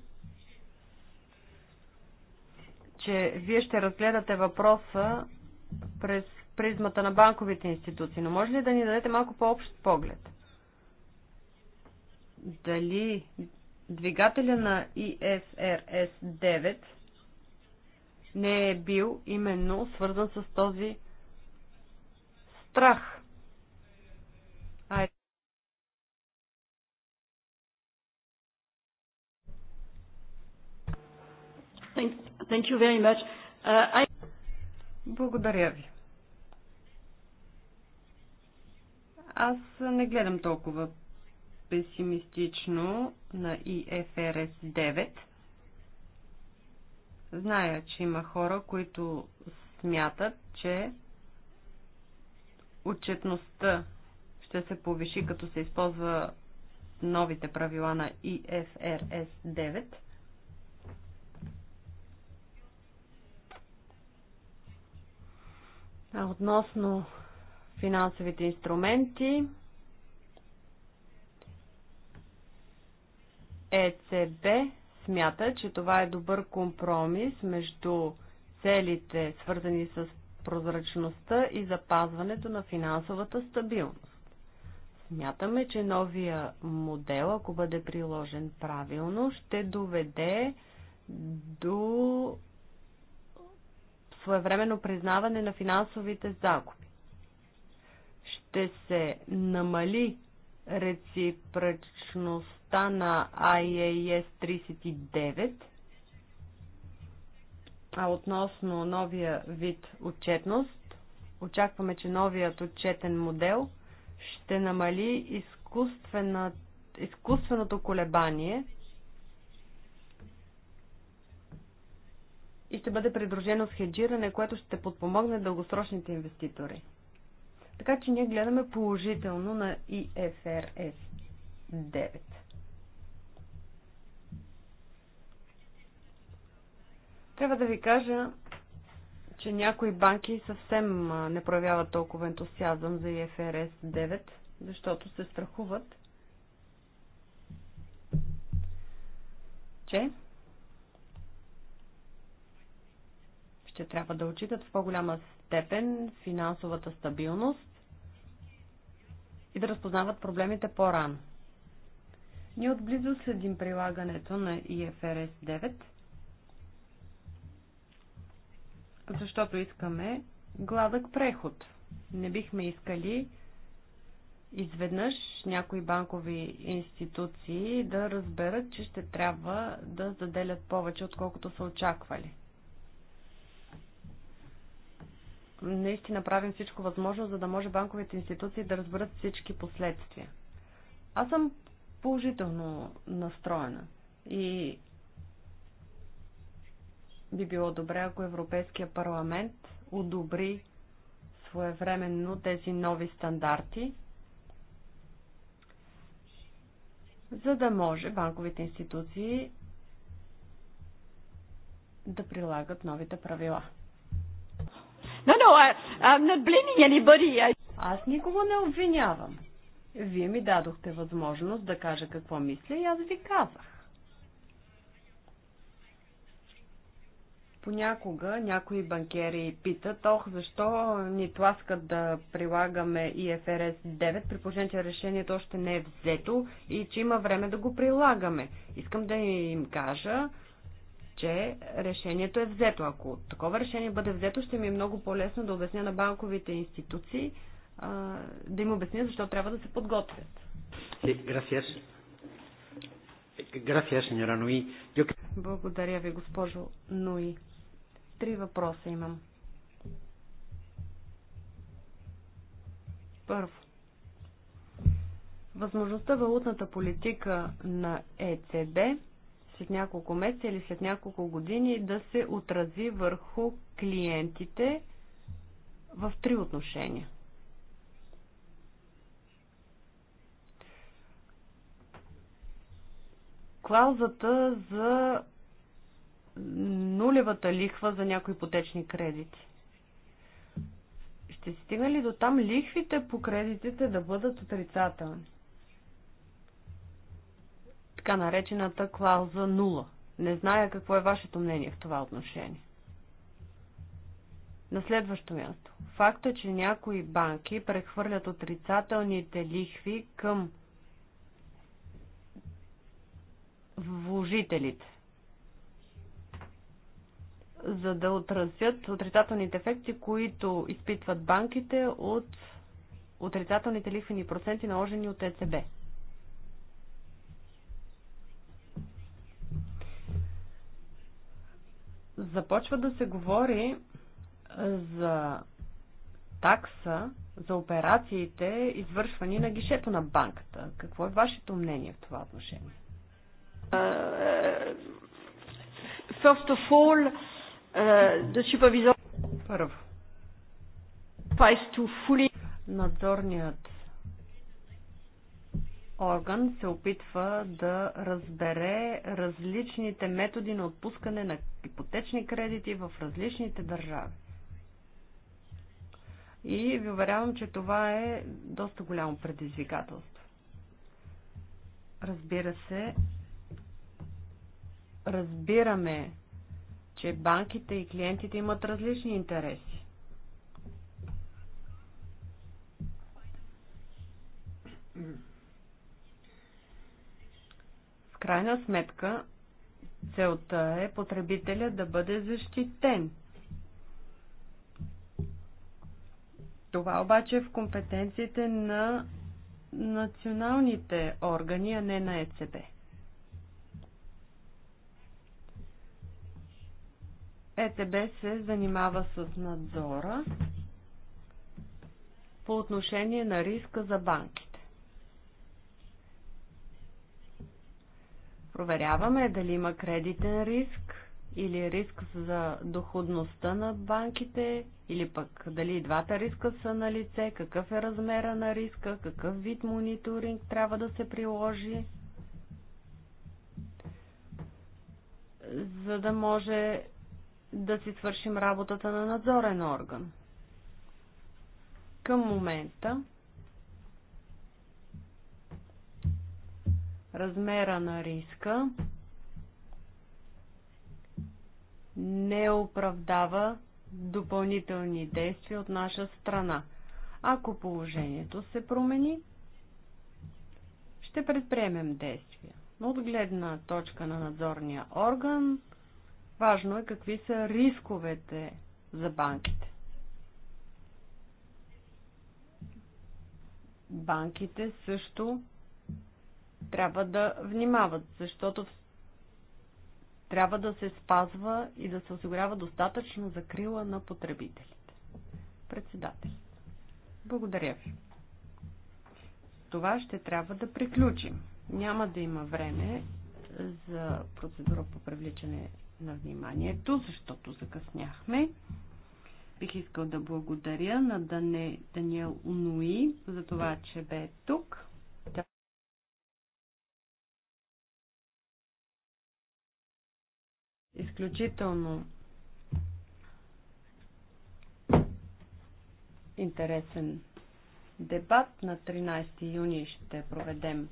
че вие ще разгледате въпроса през призмата на банковите институции, но може ли да ни дадете малко по-общ поглед? Дали двигателя на ISRS 9 не е бил именно свързан с този страх. А е... Thank you very much. Uh, I... Благодаря ви. Аз не гледам толкова песимистично на ИФРС 9. Зная, че има хора, които смятат, че отчетността ще се повиши, като се използва новите правила на ИФРС 9. А относно финансовите инструменти, ЕЦБ смята, че това е добър компромис между целите, свързани с прозрачността и запазването на финансовата стабилност. Смятаме, че новия модел, ако бъде приложен правилно, ще доведе до своевременно признаване на финансовите загуби. Ще се намали реципрочността дейността на IAS 39, а относно новия вид отчетност, очакваме, че новият отчетен модел ще намали изкуственото колебание и ще бъде придружено с хеджиране, което ще подпомогне дългосрочните инвеститори. Така че ние гледаме положително на IFRS 9. Трябва да ви кажа, че някои банки съвсем не проявяват толкова ентусиазъм за ИФРС 9, защото се страхуват, че ще трябва да отчитат в по-голяма степен финансовата стабилност и да разпознават проблемите по-рано. Ние отблизо следим прилагането на ИФРС 9 защото искаме гладък преход. Не бихме искали изведнъж някои банкови институции да разберат, че ще трябва да заделят повече, отколкото са очаквали. Наистина правим всичко възможно, за да може банковите институции да разберат всички последствия. Аз съм положително настроена и би било добре, ако Европейския парламент одобри своевременно тези нови стандарти, за да може банковите институции да прилагат новите правила. No, no, I, I'm not blaming anybody. I... Аз никого не обвинявам. Вие ми дадохте възможност да кажа какво мисля и аз ви казах. Понякога някои банкери питат, ох, защо ни тласкат да прилагаме ИФРС 9, при положение, че решението още не е взето и че има време да го прилагаме. Искам да им кажа, че решението е взето. Ако такова решение бъде взето, ще ми е много по-лесно да обясня на банковите институции, да им обясня защо трябва да се подготвят. Благодаря ви, госпожо Нуи. Три въпроса имам. Първо. Възможността валутната политика на ЕЦБ след няколко месеца или след няколко години да се отрази върху клиентите в три отношения. Клаузата за нулевата лихва за някои потечни кредити. Ще стигна ли до там лихвите по кредитите да бъдат отрицателни? Така наречената клауза 0. Не зная какво е вашето мнение в това отношение. На следващо място. Факта, е, че някои банки прехвърлят отрицателните лихви към вложителите за да отразят отрицателните ефекти, които изпитват банките от отрицателните лихвени проценти, наложени от ЕЦБ. Започва да се говори за такса за операциите, извършвани на гишето на банката. Какво е вашето мнение в това отношение? Uh, first of all, the е, supervisor Първо. to fully... Е Надзорният орган се опитва да разбере различните методи на отпускане на ипотечни кредити в различните държави. И ви уверявам, че това е доста голямо предизвикателство. Разбира се, разбираме че банките и клиентите имат различни интереси. В крайна сметка, целта е потребителя да бъде защитен. Това обаче е в компетенциите на националните органи, а не на ЕЦБ. ЕТБ се занимава с надзора по отношение на риска за банките. Проверяваме дали има кредитен риск или риск за доходността на банките, или пък дали двата риска са на лице, какъв е размера на риска, какъв вид мониторинг трябва да се приложи, за да може да си свършим работата на надзорен орган. Към момента размера на риска не оправдава допълнителни действия от наша страна. Ако положението се промени, ще предприемем действия. Но от гледна точка на надзорния орган, Важно е какви са рисковете за банките. Банките също трябва да внимават, защото трябва да се спазва и да се осигурява достатъчно закрила на потребителите. Председател. Благодаря ви. Това ще трябва да приключим. Няма да има време за процедура по привличане на вниманието, защото закъсняхме. Бих искал да благодаря на Дане, Даниел Унуи за това, че бе тук. Изключително интересен дебат. На 13 юни ще проведем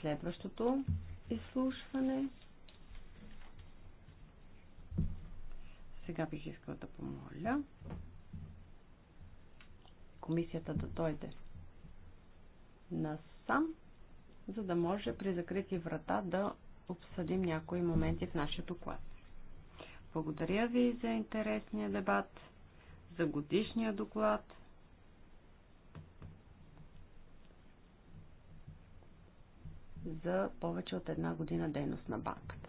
следващото изслушване. Сега бих искала да помоля комисията да дойде насам, за да може при закрити врата да обсъдим някои моменти в нашия доклад. Благодаря ви за интересния дебат, за годишния доклад. за повече от една година дейност на банката.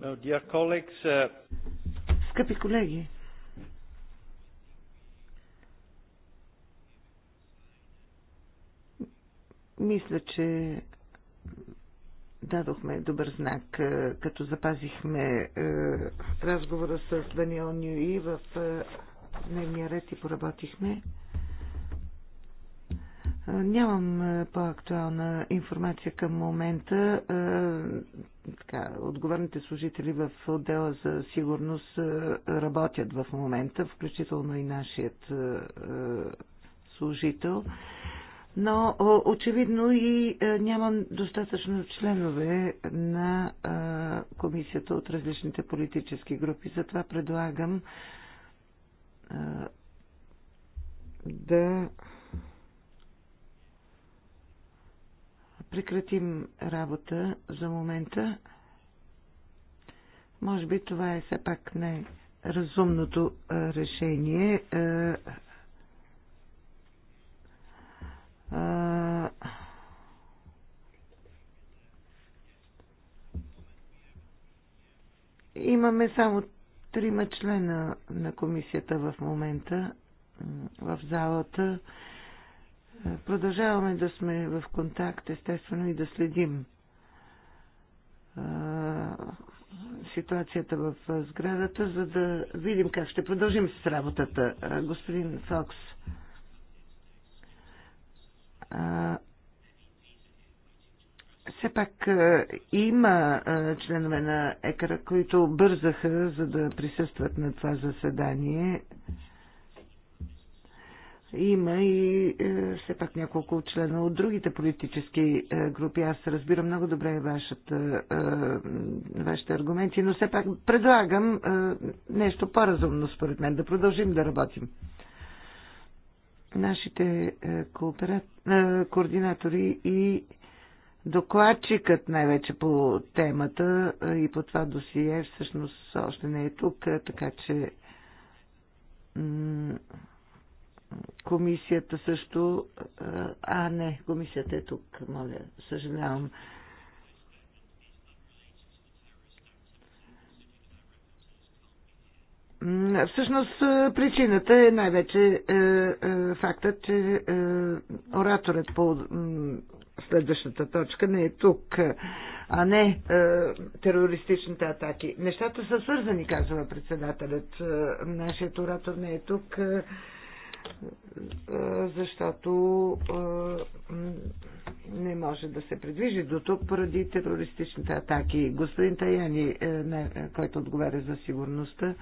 Uh, Скъпи колеги, мисля, че дадохме добър знак, е, като запазихме е, разговора с Даниел Нюи в е, дневния ред и поработихме. Нямам по-актуална информация към момента. Така, отговорните служители в отдела за сигурност работят в момента, включително и нашият служител. Но очевидно и нямам достатъчно членове на комисията от различните политически групи. Затова предлагам да прекратим работа за момента. Може би това е все пак най-разумното решение. Имаме само трима члена на комисията в момента в залата. Продължаваме да сме в контакт, естествено, и да следим ситуацията в сградата, за да видим как ще продължим с работата. Господин Фокс, все пак има членове на ЕКРА, които бързаха, за да присъстват на това заседание има и е, все пак няколко члена от другите политически е, групи. Аз разбирам много добре вашата, е, вашите аргументи, но все пак предлагам нещо по-разумно според мен, да продължим да работим. Нашите коопера... координатори и докладчикът най-вече по темата и по това досие всъщност още не е тук, така че комисията също... А, не, комисията е тук, моля, съжалявам. Всъщност причината е най-вече е, е, факта, че е, ораторът по следващата точка не е тук, а не е, терористичните атаки. Нещата са свързани, казва председателят. Е, нашият оратор не е тук. Е, защото не може да се предвижи до тук поради терористичните атаки. Господин Таяни, е, е, който отговаря за сигурността е,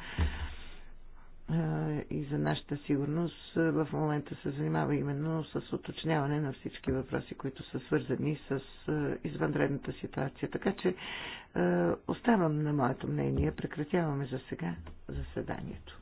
и за нашата сигурност, в момента се занимава именно с уточняване на всички въпроси, които са свързани с извънредната ситуация. Така че оставам на моето мнение. Прекратяваме за сега заседанието.